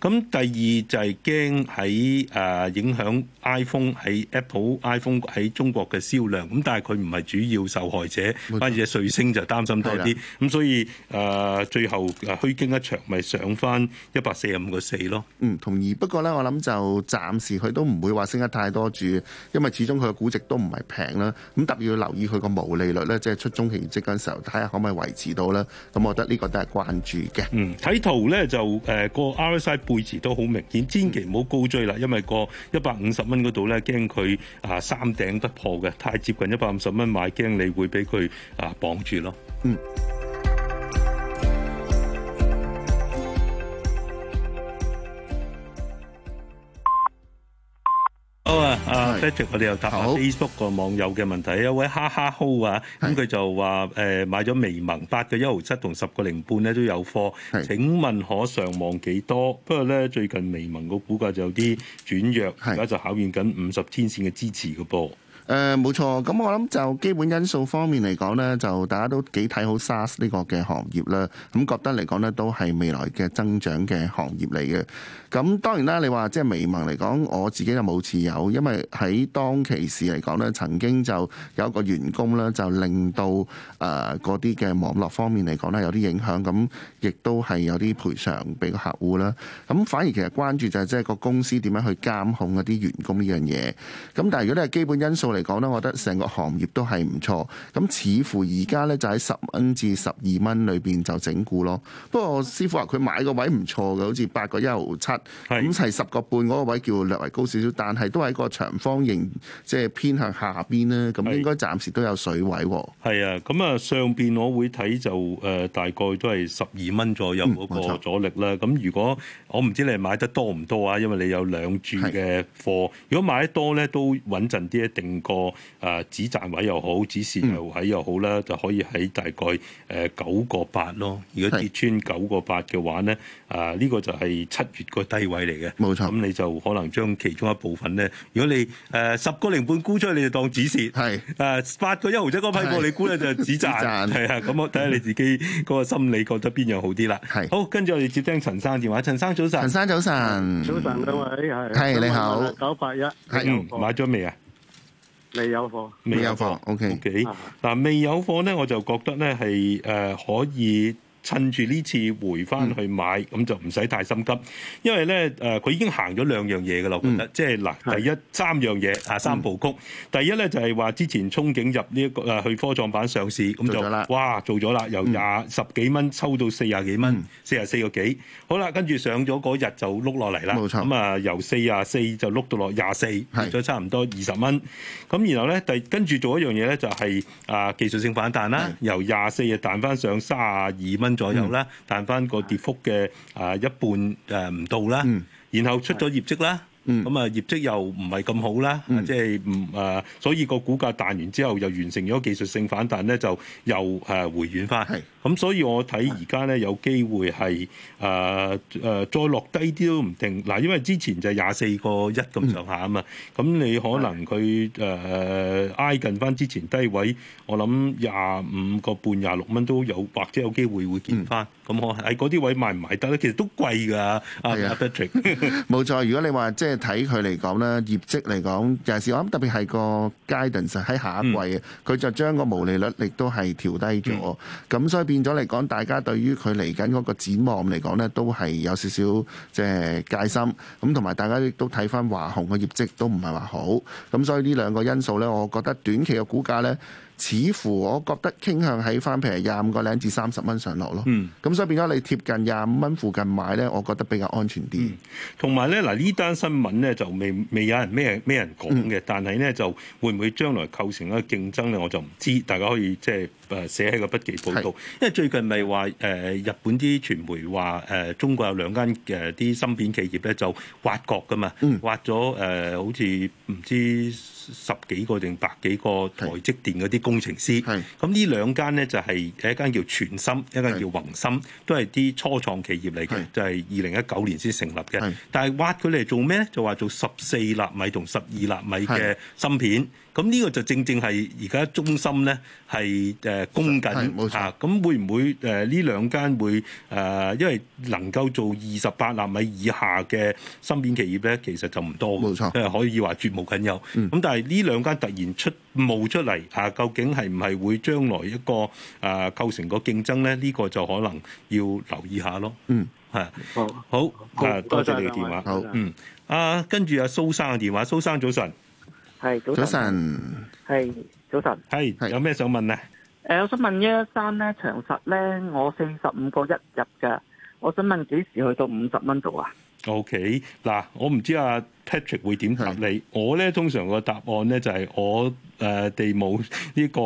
咁第二就係驚喺誒影響 iPhone 喺 Apple iPhone 喺中國嘅銷量。咁但係佢唔係主要受害者。而且瑞星就擔心多啲，咁所以誒、呃、最後虛驚一場，咪上翻一百四十五個四咯。嗯，同意。不過咧，我諗就暫時佢都唔會話升得太多住，因為始終佢個估值都唔係平啦。咁特別要留意佢個毛利率咧，即係出中期業績嘅時候，睇下可唔可以維持到咧。咁我覺得呢個都係關注嘅。嗯，睇圖咧就誒、呃那個 RSI 背持都好明顯，千祈唔好高追啦，因為個一百五十蚊嗰度咧，驚佢啊三頂不破嘅，太接近一百五十蚊買，驚你會俾佢。啊啊，綁住咯，嗯。好啊，啊 Patrick，我哋又答下 Facebook 個網友嘅問題。一位哈哈好啊，咁佢、嗯、就話：誒、呃、買咗微盟八個一毫七同十個零半咧都有貨。係，請問可上望幾多？不過咧，最近微盟個股價就有啲轉弱，而家就考驗緊五十天線嘅支持嘅噃。誒冇錯，咁我諗就基本因素方面嚟講呢，就大家都幾睇好 SaaS 呢個嘅行業啦。咁覺得嚟講呢，都係未來嘅增長嘅行業嚟嘅。咁當然啦，你話即係微盟嚟講，我自己就冇持有，因為喺當其時嚟講呢，曾經就有一個員工呢，就令到嗰啲嘅網絡方面嚟講呢，有啲影響，咁亦都係有啲賠償俾個客戶啦。咁反而其實關注就係即係個公司點樣去監控嗰啲員工呢樣嘢。咁但係如果你係基本因素。嚟講咧，我覺得成個行業都係唔錯。咁似乎而家咧就喺十蚊至十二蚊裏邊就整固咯。不過師傅話佢買個位唔錯嘅，好似八個一毫七，咁係十個半嗰個位叫略為高少少，但係都係個長方形，即係偏向下邊咧。咁應該暫時都有水位喎。係啊，咁啊上邊我會睇就誒大概都係十二蚊左右嗰個阻力啦。咁、嗯、如果我唔知你買得多唔多啊，因為你有兩注嘅貨。如果買得多咧都穩陣啲一,一定。個誒，止賺位又好，止蝕位又好啦、嗯，就可以喺大概誒九個八咯。如果跌穿九個八嘅話咧，啊呢、這個就係七月個低位嚟嘅。冇錯，咁你就可能將其中一部分咧，如果你誒十個零半沽出，你就當止蝕。係誒，八、呃、個一毫仔嗰批貨你沽咧就止賺。係啊，咁 我睇下你自己嗰個心理覺得邊樣好啲啦。係好，跟住我哋接聽陳生電話。陳生早晨。陳生早晨。早晨兩位係。係你好。九八一。係買咗未啊？未有貨，未有貨 O K O K 嗱，未有貨咧，我就覺得咧係誒可以。趁住呢次回翻去買，咁、嗯、就唔使太心急，因為咧佢、呃、已經行咗兩樣嘢噶啦，嗯、我覺得即係嗱，第一三樣嘢啊，三部曲、嗯。第一咧就係、是、話之前憧憬入呢、這、一個去科創板上市，咁就做哇做咗啦，由廿、嗯、十幾蚊抽到四廿幾蚊、嗯，四廿四個幾。好啦，跟住上咗嗰日就碌落嚟啦。冇錯咁、就是、啊，由四廿四就碌到落廿四，咗差唔多二十蚊。咁然後咧，第跟住做一樣嘢咧，就係啊技術性反彈啦，由廿四又彈翻上三十二蚊，左右啦，彈返個跌幅嘅啊一半誒唔、啊、到啦、嗯，然後出咗業績啦。嗯，咁啊業績又唔係咁好啦，即係唔啊，所以個股價彈完之後，又完成咗技術性反彈咧，就又誒回軟翻。咁、啊、所以我睇而家咧有機會係誒誒再落低啲都唔定。嗱、啊，因為之前就係廿四個一咁上下啊嘛，咁你可能佢誒、啊、挨近翻之前低位，我諗廿五個半、廿六蚊都有，或者有機會會見翻。咁可喺嗰啲位買唔買得咧？其實都貴㗎，阿、啊啊、Patrick。冇錯， 如果你話即係。睇佢嚟講咧業績嚟講，尤其是我諗特別係個 guidance 喺下一季啊，佢、嗯、就將個毛利率亦都係調低咗，咁、嗯、所以變咗嚟講，大家對於佢嚟緊嗰個展望嚟講咧，都係有少少即係戒心。咁同埋大家亦都睇翻華虹嘅業績都唔係話好，咁所以呢兩個因素咧，我覺得短期嘅股價咧。似乎我覺得傾向喺翻譬如廿五個零至三十蚊上落咯，咁所以變咗你貼近廿五蚊附近買咧，我覺得比較安全啲、嗯。同埋咧，嗱呢單新聞咧就未未有人咩咩人講嘅、嗯，但係咧就會唔會將來構成一個競爭咧，我就唔知。大家可以即係誒寫喺個筆記簿度，因為最近咪話誒日本啲傳媒話誒、呃、中國有兩間誒啲芯片企業咧就挖角噶嘛，挖咗誒、呃、好似唔知道。十幾個定百幾個台積電嗰啲工程師，咁呢兩間咧就係一間叫全芯，一間叫宏芯，都係啲初創企業嚟嘅，就係二零一九年先成立嘅。但係挖佢嚟做咩咧？就話做十四納米同十二納米嘅芯片。咁呢個就正正係而家中芯咧係誒攻緊嚇。咁會唔會誒呢兩間會誒？因為能夠做二十八納米以下嘅芯片企業咧，其實就唔多，即係可以話絕無僅有。咁但係。係呢兩間突然出冒出嚟，啊，究竟係唔係會將來一個啊構成個競爭咧？呢個就可能要留意下咯。嗯，係。好，好，啊，多謝你嘅電話。好，嗯，啊，跟住阿蘇生嘅電話，蘇生早晨。係早晨。早晨。係早晨。係有咩想問咧？誒，我想問一一三咧，長實咧，我四十五個一入噶，我想問幾時去到五十蚊度啊？OK，嗱，我唔知啊。Patrick 會點答你？我咧，通常個答案咧，就係我誒哋冇呢個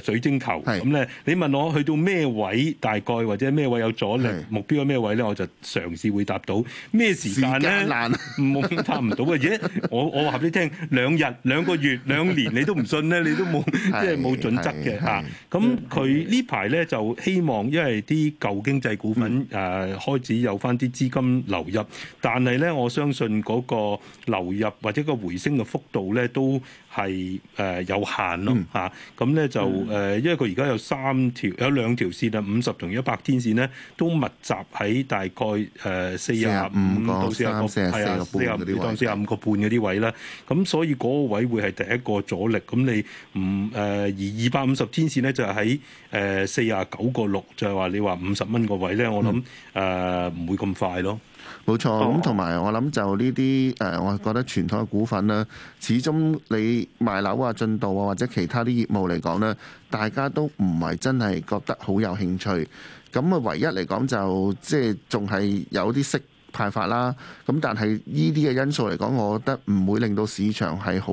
誒水晶球咁咧。你問我去到咩位大概，或者咩位有阻力，目標喺咩位咧，我就嘗試會答到咩時間咧？難冇答唔到嘅嘢。我我話俾你聽，兩日、兩個月、兩年你都唔信咧，你都冇即係冇準則嘅嚇。咁佢呢排咧就希望，因為啲舊經濟股份誒開始有翻啲資金流入，但係咧我相信嗰個。個流入或者個回升嘅幅度咧，都係誒有限咯嚇，咁咧就誒，因為佢而家有三條，有兩條線啊，五十同一百天線咧，都密集喺大概誒四十五到四十個，係啊，四十五個半嗰啲位啦。咁所以嗰個位會係第一個阻力。咁你唔誒而二百五十天線咧就喺誒四十九個六，就係話你話五十蚊個位咧，我諗誒唔會咁快咯。冇錯，咁同埋我諗就呢啲誒，我覺得傳統嘅股份咧，始終你，賣樓啊、進度啊或者其他啲業務嚟講呢，大家都唔係真係覺得好有興趣。咁啊，唯一嚟講就即係仲係有啲息派發啦。咁但係呢啲嘅因素嚟講，我覺得唔會令到市場係好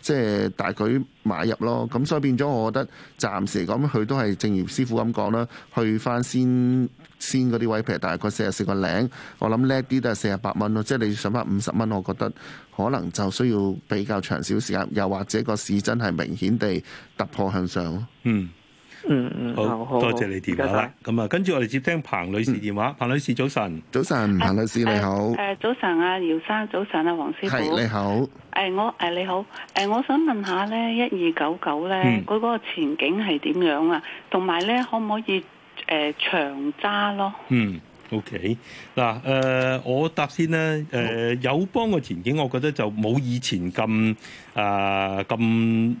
即係大舉買入咯。咁所以變咗，我覺得暫時嚟講，佢都係正如師傅咁講啦，去翻先。先嗰啲位譬如大概四十四個零，我諗叻啲都係四十八蚊咯。即係你想翻五十蚊，我覺得可能就需要比較長少時間，又或者個市真係明顯地突破向上咯。嗯嗯嗯，好，多謝你電話啦。咁啊，跟住我哋接聽彭女士電話，嗯。彭女士早晨，早晨，彭女士你好。誒、啊啊，早晨啊，姚生，早晨啊，黃師傅，你好。誒、啊，我誒、啊、你好。誒、啊，我想問下咧，一二九九咧，佢、那、嗰個前景係點樣啊？同埋咧，可唔可以？誒長揸咯，嗯，OK，嗱，誒我答先咧，誒友邦嘅前景，我覺得就冇以前咁啊咁誒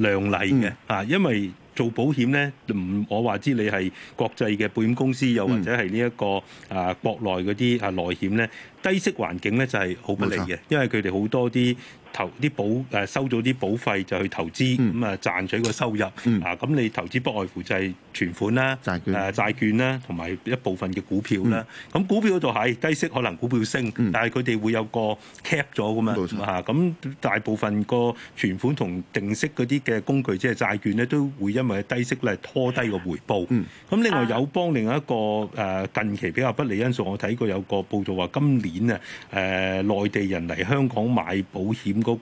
亮麗嘅啊，因為做保險咧，唔我話知你係國際嘅保險公司，又或者係呢一個啊國內嗰啲啊內險咧。低息環境咧就係好不利嘅，因為佢哋好多啲投啲保誒收咗啲保費就去投資，咁啊賺取個收入。嗯、啊咁你投資不外乎就係存款啦，誒債券啦，同、呃、埋一部分嘅股票啦。咁、嗯、股票嗰度係低息，可能股票升，嗯、但係佢哋會有個 cap 咗咁啊。咁大部分個存款同定息嗰啲嘅工具，即係債券咧，都會因為低息咧拖低個回報。咁、嗯、另外友邦另一個誒近期比較不利因素，我睇過有個報道話今年。險啊！誒，內地人嚟香港買保險嗰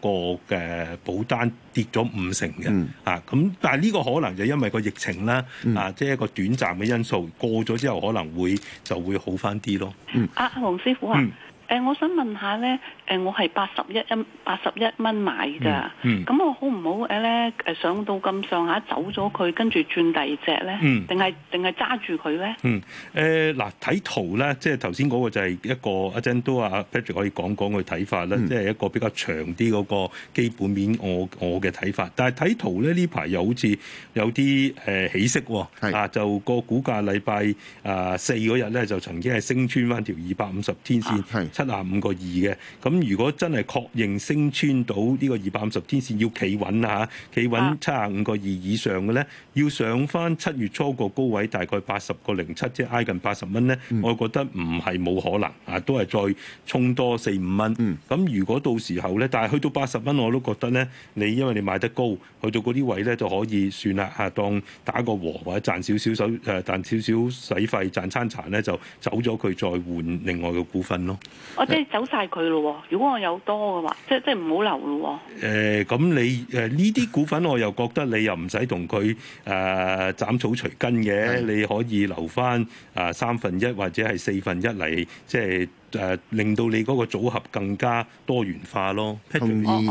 個嘅保單跌咗五成嘅，啊、嗯、咁，但係呢個可能就因為個疫情啦，啊、嗯，即、就、係、是、一個短暫嘅因素，過咗之後，可能會就會好翻啲咯。啊，黃師傅啊。嗯誒、呃，我想問下咧，誒、呃，我係八十一一八十一蚊買㗎，咁、嗯嗯、我好唔好誒咧？誒、呃，上到咁上下走咗佢，跟住轉第二隻咧，定係定係揸住佢咧？嗯，誒嗱，睇、嗯呃、圖咧，即係頭先嗰個就係一個阿珍都話阿 Patrick 可以講講佢睇法咧，即、嗯、係、就是、一個比較長啲嗰個基本面，我我嘅睇法。但係睇圖咧，呢排又好似有啲誒起色喎，啊，就個股價禮拜啊四嗰日咧，就曾經係升穿翻條二百五十天線，係、啊。七十五個二嘅，咁如果真係確認升穿到呢個二百五十天線要企穩啊。企穩七十五個二以上嘅咧，要上翻七月初個高位大概八十個零七，即係挨近八十蚊咧，我覺得唔係冇可能啊，都係再衝多四五蚊。咁、嗯、如果到時候咧，但係去到八十蚊我都覺得咧，你因為你買得高，去到嗰啲位咧就可以算啦嚇，當打個和或者賺少少手誒賺少少使費賺餐茶咧就走咗佢，再換另外嘅股份咯。我即係走晒佢咯，如果我有多嘅話，即係即係唔好留咯。誒、呃，咁你誒呢啲股份我又覺得你又唔使同佢誒斬草除根嘅，你可以留翻誒、呃、三分一或者係四分一嚟即係。誒令到你嗰個組合更加多元化咯，同埋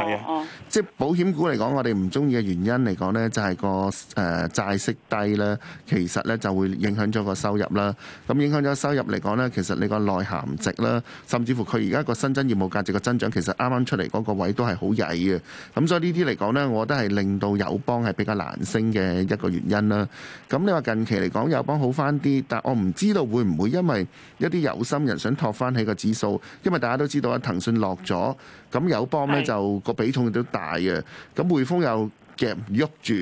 即係保險股嚟講，我哋唔中意嘅原因嚟講呢，就係個誒債息低啦，其實呢就會影響咗個收入啦。咁影響咗收入嚟講呢，其實你個內涵值啦，甚至乎佢而家個新增業務價值嘅增長，其實啱啱出嚟嗰個位都係好曳嘅。咁所以呢啲嚟講呢，我覺得係令到友邦係比較難升嘅一個原因啦。咁你話近期嚟講友邦好翻啲，但係我唔知道會唔會因為一啲有心人想托翻起。個指數，因為大家都知道啊，騰訊落咗，咁、嗯、友邦咧就個比重亦都大嘅，咁匯豐又夾唔喐住，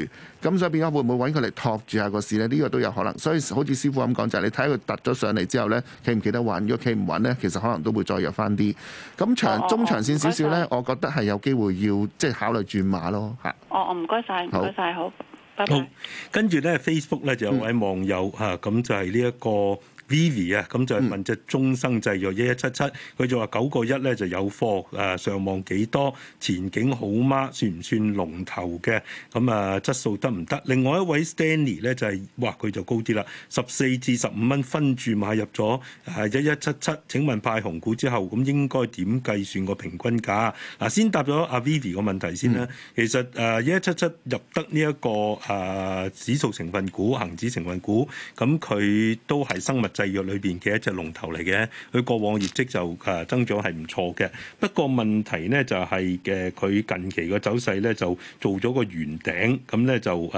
咁所以變咗會唔會揾佢嚟托住下個市咧？呢、這個都有可能，所以好似師傅咁講就係、是，你睇佢突咗上嚟之後咧，企唔企得穩？如果企唔穩咧，其實可能都會再入翻啲。咁長、哦、中長線少少咧，我覺得係有機會要即係、就是、考慮轉馬咯，吓。哦，唔該晒，唔該晒，好，拜拜，跟住咧，Facebook 咧就有位網友吓，咁、嗯啊、就係呢一個。Vivi 啊，咁就問隻中生製藥一一七七，佢就話九個一咧就有貨，上望幾多，前景好嗎？算唔算龍頭嘅？咁啊質素得唔得？另外一位 Stanley 咧就係、是，哇佢就高啲啦，十四至十五蚊分住買入咗誒一一七七。請問派紅股之後咁應該點計算個平均價？嗱先答咗阿 Vivi 個問題先啦、嗯。其實誒一一七七入得呢、這、一個、呃、指數成分股、恒指成分股，咁佢都係生物細藥裏邊嘅一隻龍頭嚟嘅，佢過往業績就誒、啊、增長係唔錯嘅。不過問題呢，就係、是、嘅，佢、啊、近期個走勢呢，就做咗個圓頂，咁呢，就誒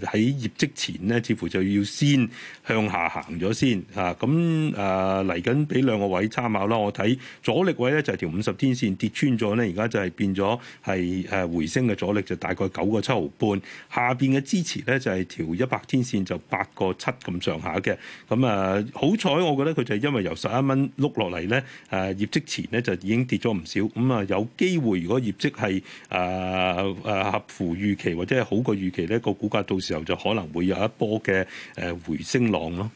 喺業績前呢，似乎就要先向下行咗先啊。咁誒嚟緊俾兩個位參考啦。我睇阻力位呢，就係、是、條五十天線跌穿咗呢，而家就係變咗係誒回升嘅阻力，就大概九個七毫半。下邊嘅支持呢，就係、是、條一百天線就八個七咁上下嘅。咁啊～好彩，我覺得佢就係因為由十一蚊碌落嚟咧，誒業績前咧就已經跌咗唔少，咁啊有機會如果業績係誒誒合乎預期或者係好過預期咧，個股價到時候就可能會有一波嘅誒回升浪咯。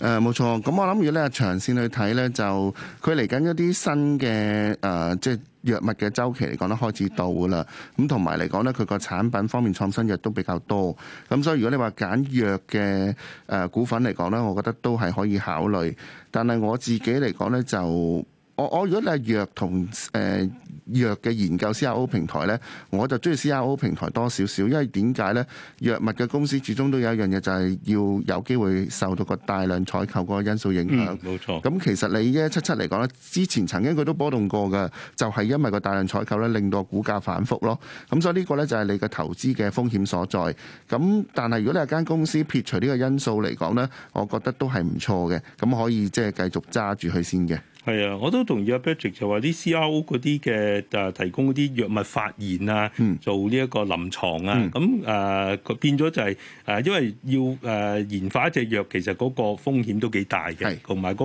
誒冇錯，咁我諗住如果咧長線去睇咧，就佢嚟緊一啲新嘅誒、呃，即係。藥物嘅週期嚟講都開始到啦，咁同埋嚟講呢，佢個產品方面創新藥都比較多，咁所以如果你話揀藥嘅誒股份嚟講呢，我覺得都係可以考慮，但係我自己嚟講呢就。我我如果你係藥同誒、呃、藥嘅研究 CRO 平台呢，我就中意 CRO 平台多少少，因為點解呢？藥物嘅公司始終都有一樣嘢，就係、是、要有機會受到個大量採購嗰個因素影響。冇、嗯、錯。咁其實你一七七嚟講呢，之前曾經佢都波動過㗎，就係、是、因為個大量採購呢，令到個股價反覆咯。咁所以呢個呢，就係你嘅投資嘅風險所在。咁但係如果你係間公司撇除呢個因素嚟講呢，我覺得都係唔錯嘅，咁可以即係繼續揸住佢先嘅。係啊，我都同意阿 Patrick 就話啲 CRO 啲嘅，誒提供啲藥物發現啊、嗯，做呢一個臨床啊，咁、嗯、誒、呃、變咗就係、是、誒因為要誒研發一隻藥，其實嗰個風險都幾大嘅，同埋個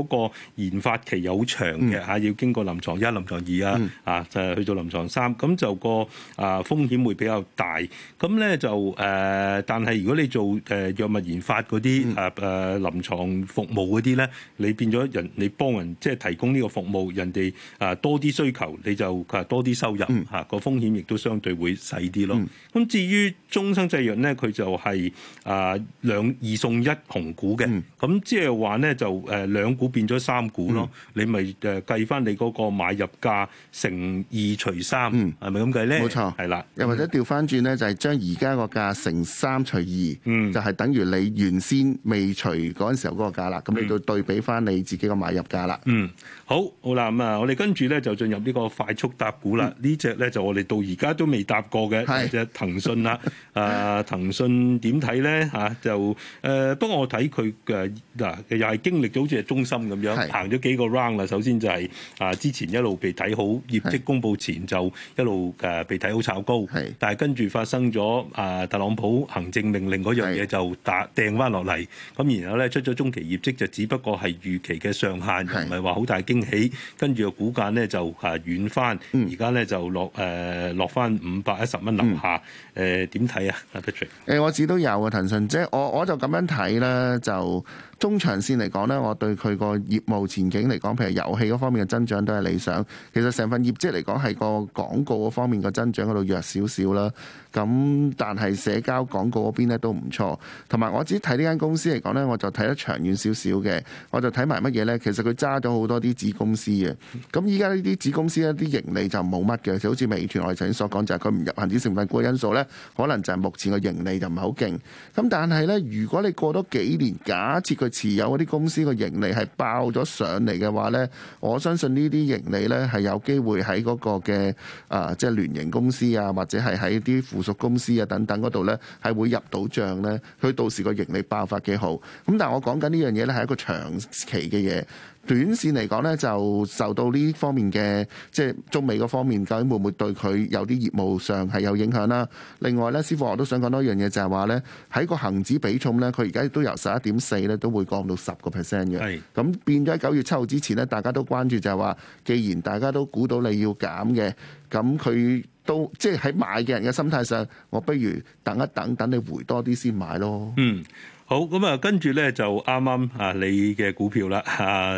研發期有好長嘅吓、嗯啊、要經過臨床一臨床二、嗯、啊，啊就係去做臨床三，咁就個誒風險會比較大。咁咧就誒、呃、但係如果你做誒藥物研發嗰啲誒誒臨床服務嗰啲咧，你變咗人，你幫人即係提供。呢、這個服務人哋啊多啲需求你就佢多啲收入吓個、嗯、風險亦都相對會細啲咯。咁、嗯、至於眾生製藥咧，佢就係啊兩二送一紅股嘅，咁即係話咧就誒兩股變咗三股咯、嗯。你咪誒計翻你嗰個買入價乘二除三，係咪咁計咧？冇錯，係啦。又、嗯、或者調翻轉咧，就係、是、將而家個價乘三除二，就係、是、等於你原先未除嗰陣時候嗰個價啦。咁、嗯、你就對比翻你自己個買入價啦。嗯。好，好啦咁啊，我哋跟住咧就進入呢個快速搭股啦。呢隻咧就我哋到而家都未搭過嘅，隻、就是、騰訊啦、呃。啊，騰訊點睇咧吓，就誒，不、呃、過我睇佢嘅嗱，又係經歷咗好似係中心咁樣行咗幾個 round 啦。首先就係、是、啊，之前一路被睇好，業績公布前就一路誒被睇好炒高。但係跟住發生咗啊，特朗普行政命令嗰樣嘢就打掟返落嚟。咁然後咧出咗中期業績就只不過係預期嘅上限，唔係話好大經。起跟住個股價咧就啊軟翻，而家咧就落誒、呃，落翻五百一十蚊樓下。嗯誒點睇啊？誒、呃、我自己都有啊，騰訊即係我我就咁樣睇咧，就中長線嚟講咧，我對佢個業務前景嚟講，譬如遊戲嗰方面嘅增長都係理想。其實成份業績嚟講係個廣告嗰方面個增長嗰度弱少少啦。咁但係社交廣告嗰邊咧都唔錯。同埋我只睇呢間公司嚟講咧，我就睇得長遠少少嘅，我就睇埋乜嘢咧。其實佢揸咗好多啲子公司嘅。咁依家呢啲子公司咧啲盈利就冇乜嘅，就好似美團我哋頭先所講就係佢唔入恆指成分股嘅因素咧。可能就係目前嘅盈利就唔係好勁，咁但係呢，如果你過多幾年，假設佢持有嗰啲公司嘅盈利係爆咗上嚟嘅話呢，我相信呢啲盈利呢係有機會喺嗰個嘅啊、呃，即係聯營公司啊，或者係喺啲附屬公司啊等等嗰度呢，係會入到帳呢。去到時個盈利爆發幾好。咁但係我講緊呢樣嘢呢，係一個長期嘅嘢。短線嚟講咧，就受到呢方面嘅即係中美嗰方面，究竟會唔會對佢有啲業務上係有影響啦？另外咧，師傅我都想講多一樣嘢，就係話咧，喺個恒指比重咧，佢而家都由十一點四咧，都會降到十個 percent 嘅。係。咁變咗喺九月七號之前咧，大家都關注就係話，既然大家都估到你要減嘅，咁佢都即係喺買嘅人嘅心態上，我不如等一等，等你回多啲先買咯。嗯。好咁啊，跟住咧就啱啱啊，你嘅股票啦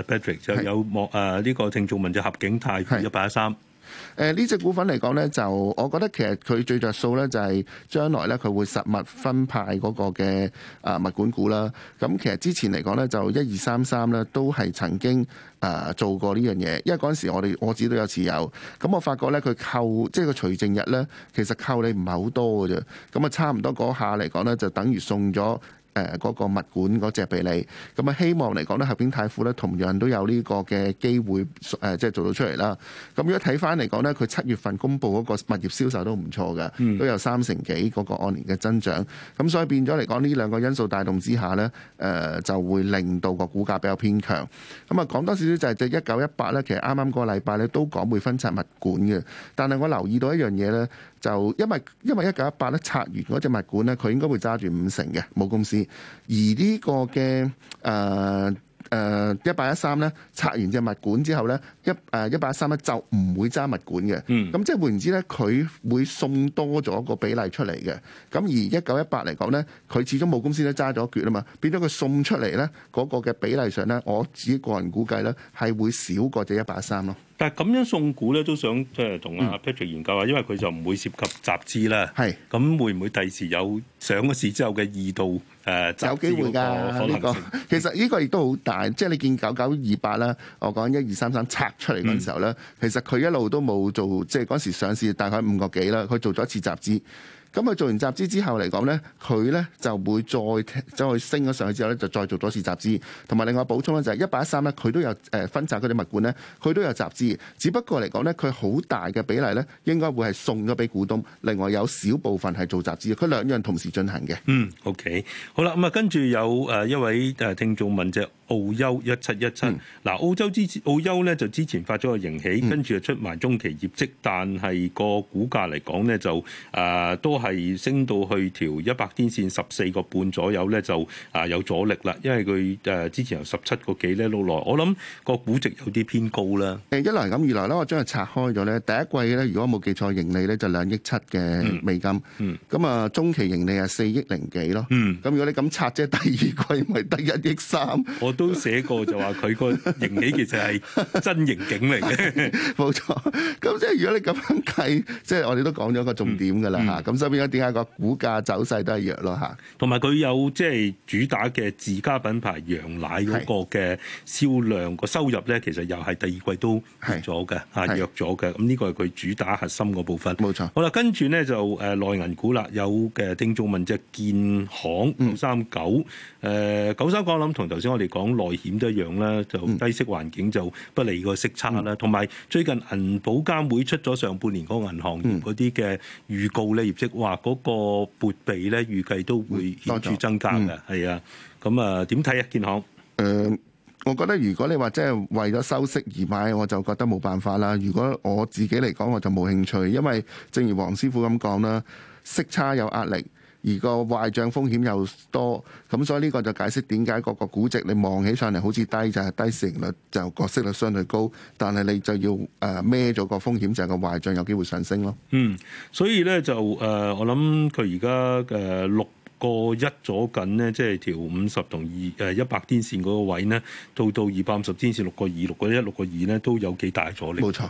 ，Patrick 就有莫呢、呢個聽眾問就合景泰富一八一三。誒呢、呃、隻股份嚟講咧，就我覺得其實佢最着數咧就係將來咧佢會實物分派嗰個嘅啊物管股啦。咁其實之前嚟講咧，就一二三三咧都係曾經啊做過呢樣嘢，因為嗰陣時我哋我自己都有持有。咁我發覺咧佢扣即係個除淨日咧，其實扣你唔係好多嘅啫。咁啊差唔多嗰下嚟講咧，就等於送咗。誒嗰個物管嗰隻俾你，咁啊希望嚟講咧，合景泰富咧同樣都有呢個嘅機會誒，即係做到出嚟啦。咁如果睇翻嚟講咧，佢七月份公布嗰個物業銷售都唔錯嘅，都有三成幾嗰個按年嘅增長。咁所以變咗嚟講，呢兩個因素帶動之下咧，誒就會令到個股價比較偏強。咁啊講多少少就係即係一九一八咧，其實啱啱個禮拜咧都講會分拆物管嘅，但係我留意到一樣嘢咧，就因為因為一九一八咧拆完嗰隻物管咧，佢應該會揸住五成嘅冇咁少。而這個的、呃呃、呢個嘅誒誒一八一三咧拆完隻物管之後咧，一誒一八一三咧就唔會揸物管嘅。咁、嗯、即係換言之咧，佢會送多咗個比例出嚟嘅。咁而一九一八嚟講咧，佢始終母公司都揸咗一橛啊嘛，變咗佢送出嚟咧嗰個嘅比例上咧，我自己個人估計咧係會少過隻一八一三咯。但係咁樣送股咧，都想即係同阿 Patrick 研究下，因為佢就唔會涉及集資啦。係咁會唔會第時有上個市之後嘅二度集資、呃、有機會㗎呢、呢個，其實呢個亦都好大。即、就、係、係、你見九九二八啦，我講一二三三拆出嚟嗰陣時候咧，嗯、其實佢一路都冇做，即係嗰時上市大概五個幾啦，佢做咗一次集資。咁佢做完集資之後嚟講呢，佢呢就會再再升咗上去之後呢，就再做多次集資。同埋另外補充呢、就係，就係一八一三呢，佢都有分拆嗰啲物管呢，佢都有集資。只不過嚟講呢，佢好大嘅比例呢，應該會係送咗俾股東。另外有少部分係做集資，佢兩樣同時進行嘅。嗯，OK，好啦，咁啊，跟住有誒一位誒聽眾問啫。澳優一七一七，嗱澳洲之前澳優咧就之前發咗個盈喜，跟、嗯、住又出埋中期業績，但係個股價嚟講咧就啊、呃、都係升到去條一百天線十四個半左右咧就啊有阻力啦，因為佢誒之前由十七個幾咧落來，我諗個估值有啲偏高啦。誒一來咁二來咧，我將佢拆開咗咧，第一季咧如果冇記錯盈利咧就兩億七嘅美金，咁、嗯、啊、嗯、中期盈利係四億零幾咯，咁、嗯、如果你咁拆，即係第二季咪得一億三。都寫過就話佢個形體其實係真刑警嚟嘅，冇錯。咁即係如果你咁樣計，即、就、係、是、我哋都講咗個重點㗎啦嚇。咁、嗯、收、嗯、邊間點解個股價走勢都係弱咯嚇？同埋佢有即係主打嘅自家品牌羊奶嗰個嘅銷量個收入咧，其實又係第二季都弱咗嘅，嚇弱咗嘅。咁呢個係佢主打核心個部分。冇錯。好啦，跟住咧就誒內銀股啦，有嘅聽眾問即係建行三九、嗯，誒九三九，939，我諗同頭先我哋講。內險都一樣啦，就低息環境就不利個息差啦。同、嗯、埋最近銀保監會出咗上半年嗰銀行嗰啲嘅預告咧、嗯，業績話嗰個撥備咧預計都會顯著增加嘅。係、嗯、啊，咁啊點睇啊？建行誒，我覺得如果你話即係為咗收息而買，我就覺得冇辦法啦。如果我自己嚟講，我就冇興趣，因為正如黃師傅咁講啦，息差有壓力。而個壞帳風險又多，咁所以呢個就解釋點解個個估值你望起上嚟好似低咋，就係、低市盈率就個息率相對高，但係你就要誒孭咗個風險就係、係、個壞帳有機會上升咯。嗯，所以呢，就我諗佢而家嘅。六。個一咗緊呢，即係條五十同二誒一百天線嗰個位呢，到到二百五十天線，六個二六個一六個二呢都有幾大阻力。冇錯，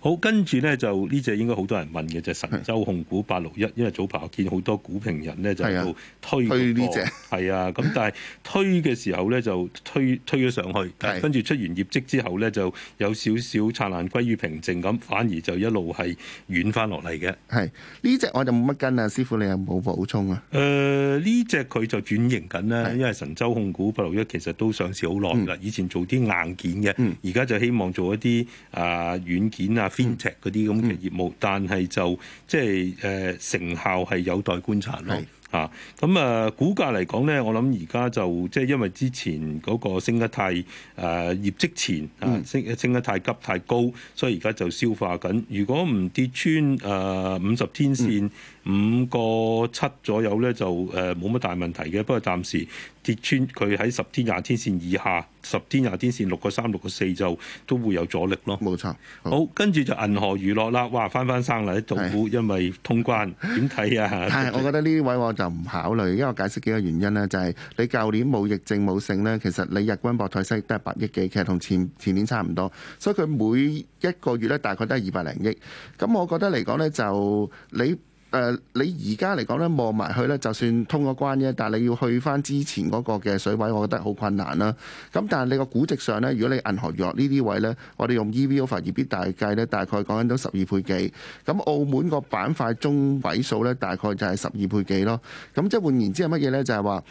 好，跟住呢，就呢隻應該好多人問嘅就是、神州控股八六一，因為早排我見好多股評人呢，就喺度推呢隻，係啊，咁但係推嘅時候呢，就推推咗上去，跟住出完業績之後呢，就有少少燦爛歸於平靜咁，反而就一路係軟翻落嚟嘅。係呢隻我就冇乜跟啦，師傅你有冇補充啊？誒、呃。呢隻佢就轉型緊啦，因為神州控股、八六一其實都上市好耐啦，以前做啲硬件嘅，而家就希望做一啲啊軟件啊、FinTech 嗰啲咁嘅業務，但係就即係誒成效係有待觀察咯。啊，咁啊，股價嚟講咧，我諗而家就即係、就是、因為之前嗰個升得太誒、呃、業績前啊，升、嗯、升得太急太高，所以而家就消化緊。如果唔跌穿誒五十天線五個七左右咧，就誒冇乜大問題嘅。不過暫時。跌穿佢喺十天廿天線以下，十天廿天線六個三六個四就都會有阻力咯。冇錯，好跟住就銀河娛樂啦，哇翻翻生啦啲賭股，因為通關點睇啊？係， 我覺得呢位我就唔考慮，因為我解釋幾個原因呢。就係、是、你舊年冇疫症冇升呢，其實你日均博台息都係八億幾，其實同前前年差唔多，所以佢每一個月呢大概都係二百零億。咁我覺得嚟講呢，就你。誒、呃，你而家嚟講咧望埋去咧，就算通咗關啫，但係你要去翻之前嗰個嘅水位，我覺得好困難啦。咁但係你個估值上咧，如果你銀河呢啲位咧，我哋用 EV over EBITDA 大計咧，大概講緊都十二倍幾。咁澳門個板塊中位數咧，大概就係十二倍幾咯。咁即換換言之係乜嘢咧？就係、是、話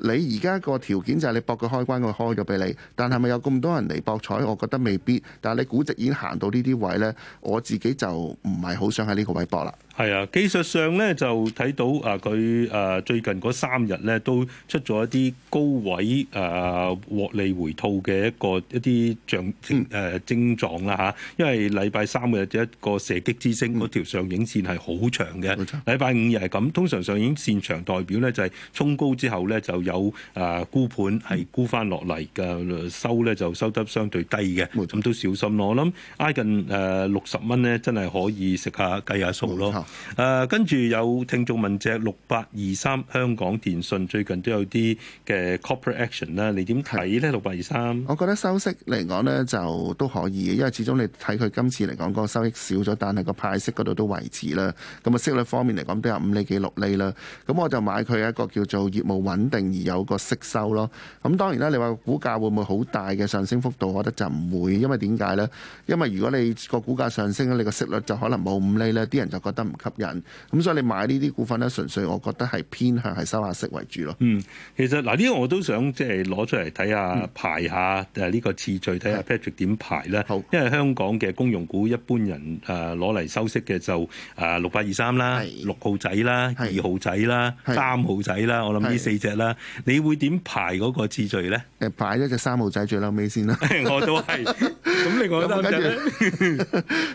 你而家個條件就係你博個開關，佢開咗俾你，但係咪有咁多人嚟博彩？我覺得未必。但係你估值已經行到呢啲位咧，我自己就唔係好想喺呢個位博啦。係啊，技術上咧就睇到啊，佢啊最近嗰三日咧都出咗一啲高位啊獲利回吐嘅一個一啲像誒症狀啦、啊、因為禮拜三嘅一個射擊之星嗰、嗯、條上影線係好長嘅，冇錯，禮拜五又係咁。通常上影線長代表咧就係、是、衝高之後咧就有啊沽盤係沽翻落嚟嘅，收咧就收得相對低嘅。咁都小心咯。我諗挨近六十蚊咧，真係可以食下計下數咯。誒、啊，跟住有聽眾問隻六百二三香港電訊最近都有啲嘅 corporate action 咧，你點睇呢？六百二三，action，我覺得收息嚟講呢就都可以，因為始終你睇佢今次嚟講個收益少咗，但係個派息嗰度，都維持啦。咁啊，息率方面嚟講都有五厘幾六厘啦。咁我就買佢一個叫做業務穩定而有個息收咯。咁當然啦，你話股價會唔會好大嘅上升幅度？我覺得就唔會，因為點解呢？因為如果你個股價上升，你個息率就可能冇五厘咧，啲人就覺得唔。吸引咁，所以你買呢啲股份咧，純粹我覺得係偏向係收下息為主咯。嗯，其實嗱，呢個我都想即係攞出嚟睇、嗯、下排下誒呢個次序，睇下 Patrick 點排啦。好，因為香港嘅公用股一般人誒攞嚟收息嘅就誒六八二三啦，六號仔啦，二號仔啦，三號仔啦，我諗呢四隻啦，你會點排嗰個次序咧？誒，排一隻三號仔最嬲尾先啦。 我都係，咁另外一隻咧，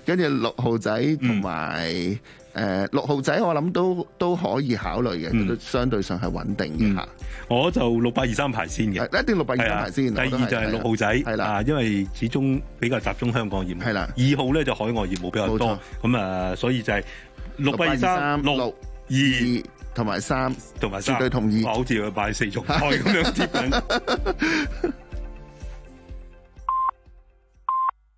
跟住六號仔同埋、嗯。誒、呃、六號仔我想都，我諗都都可以考慮嘅，都、嗯、相對上係穩定嘅、嗯、我就六百二三排先嘅，一定六百二三排先、啊。第二就係六號仔，啦、啊、因為始終比較集中香港業務。係啦、啊，二號咧就海外業務比較多，咁啊，所以就係六百二三六二同埋三同埋三，絕對同意。我好似去拜四組，菜咁樣接緊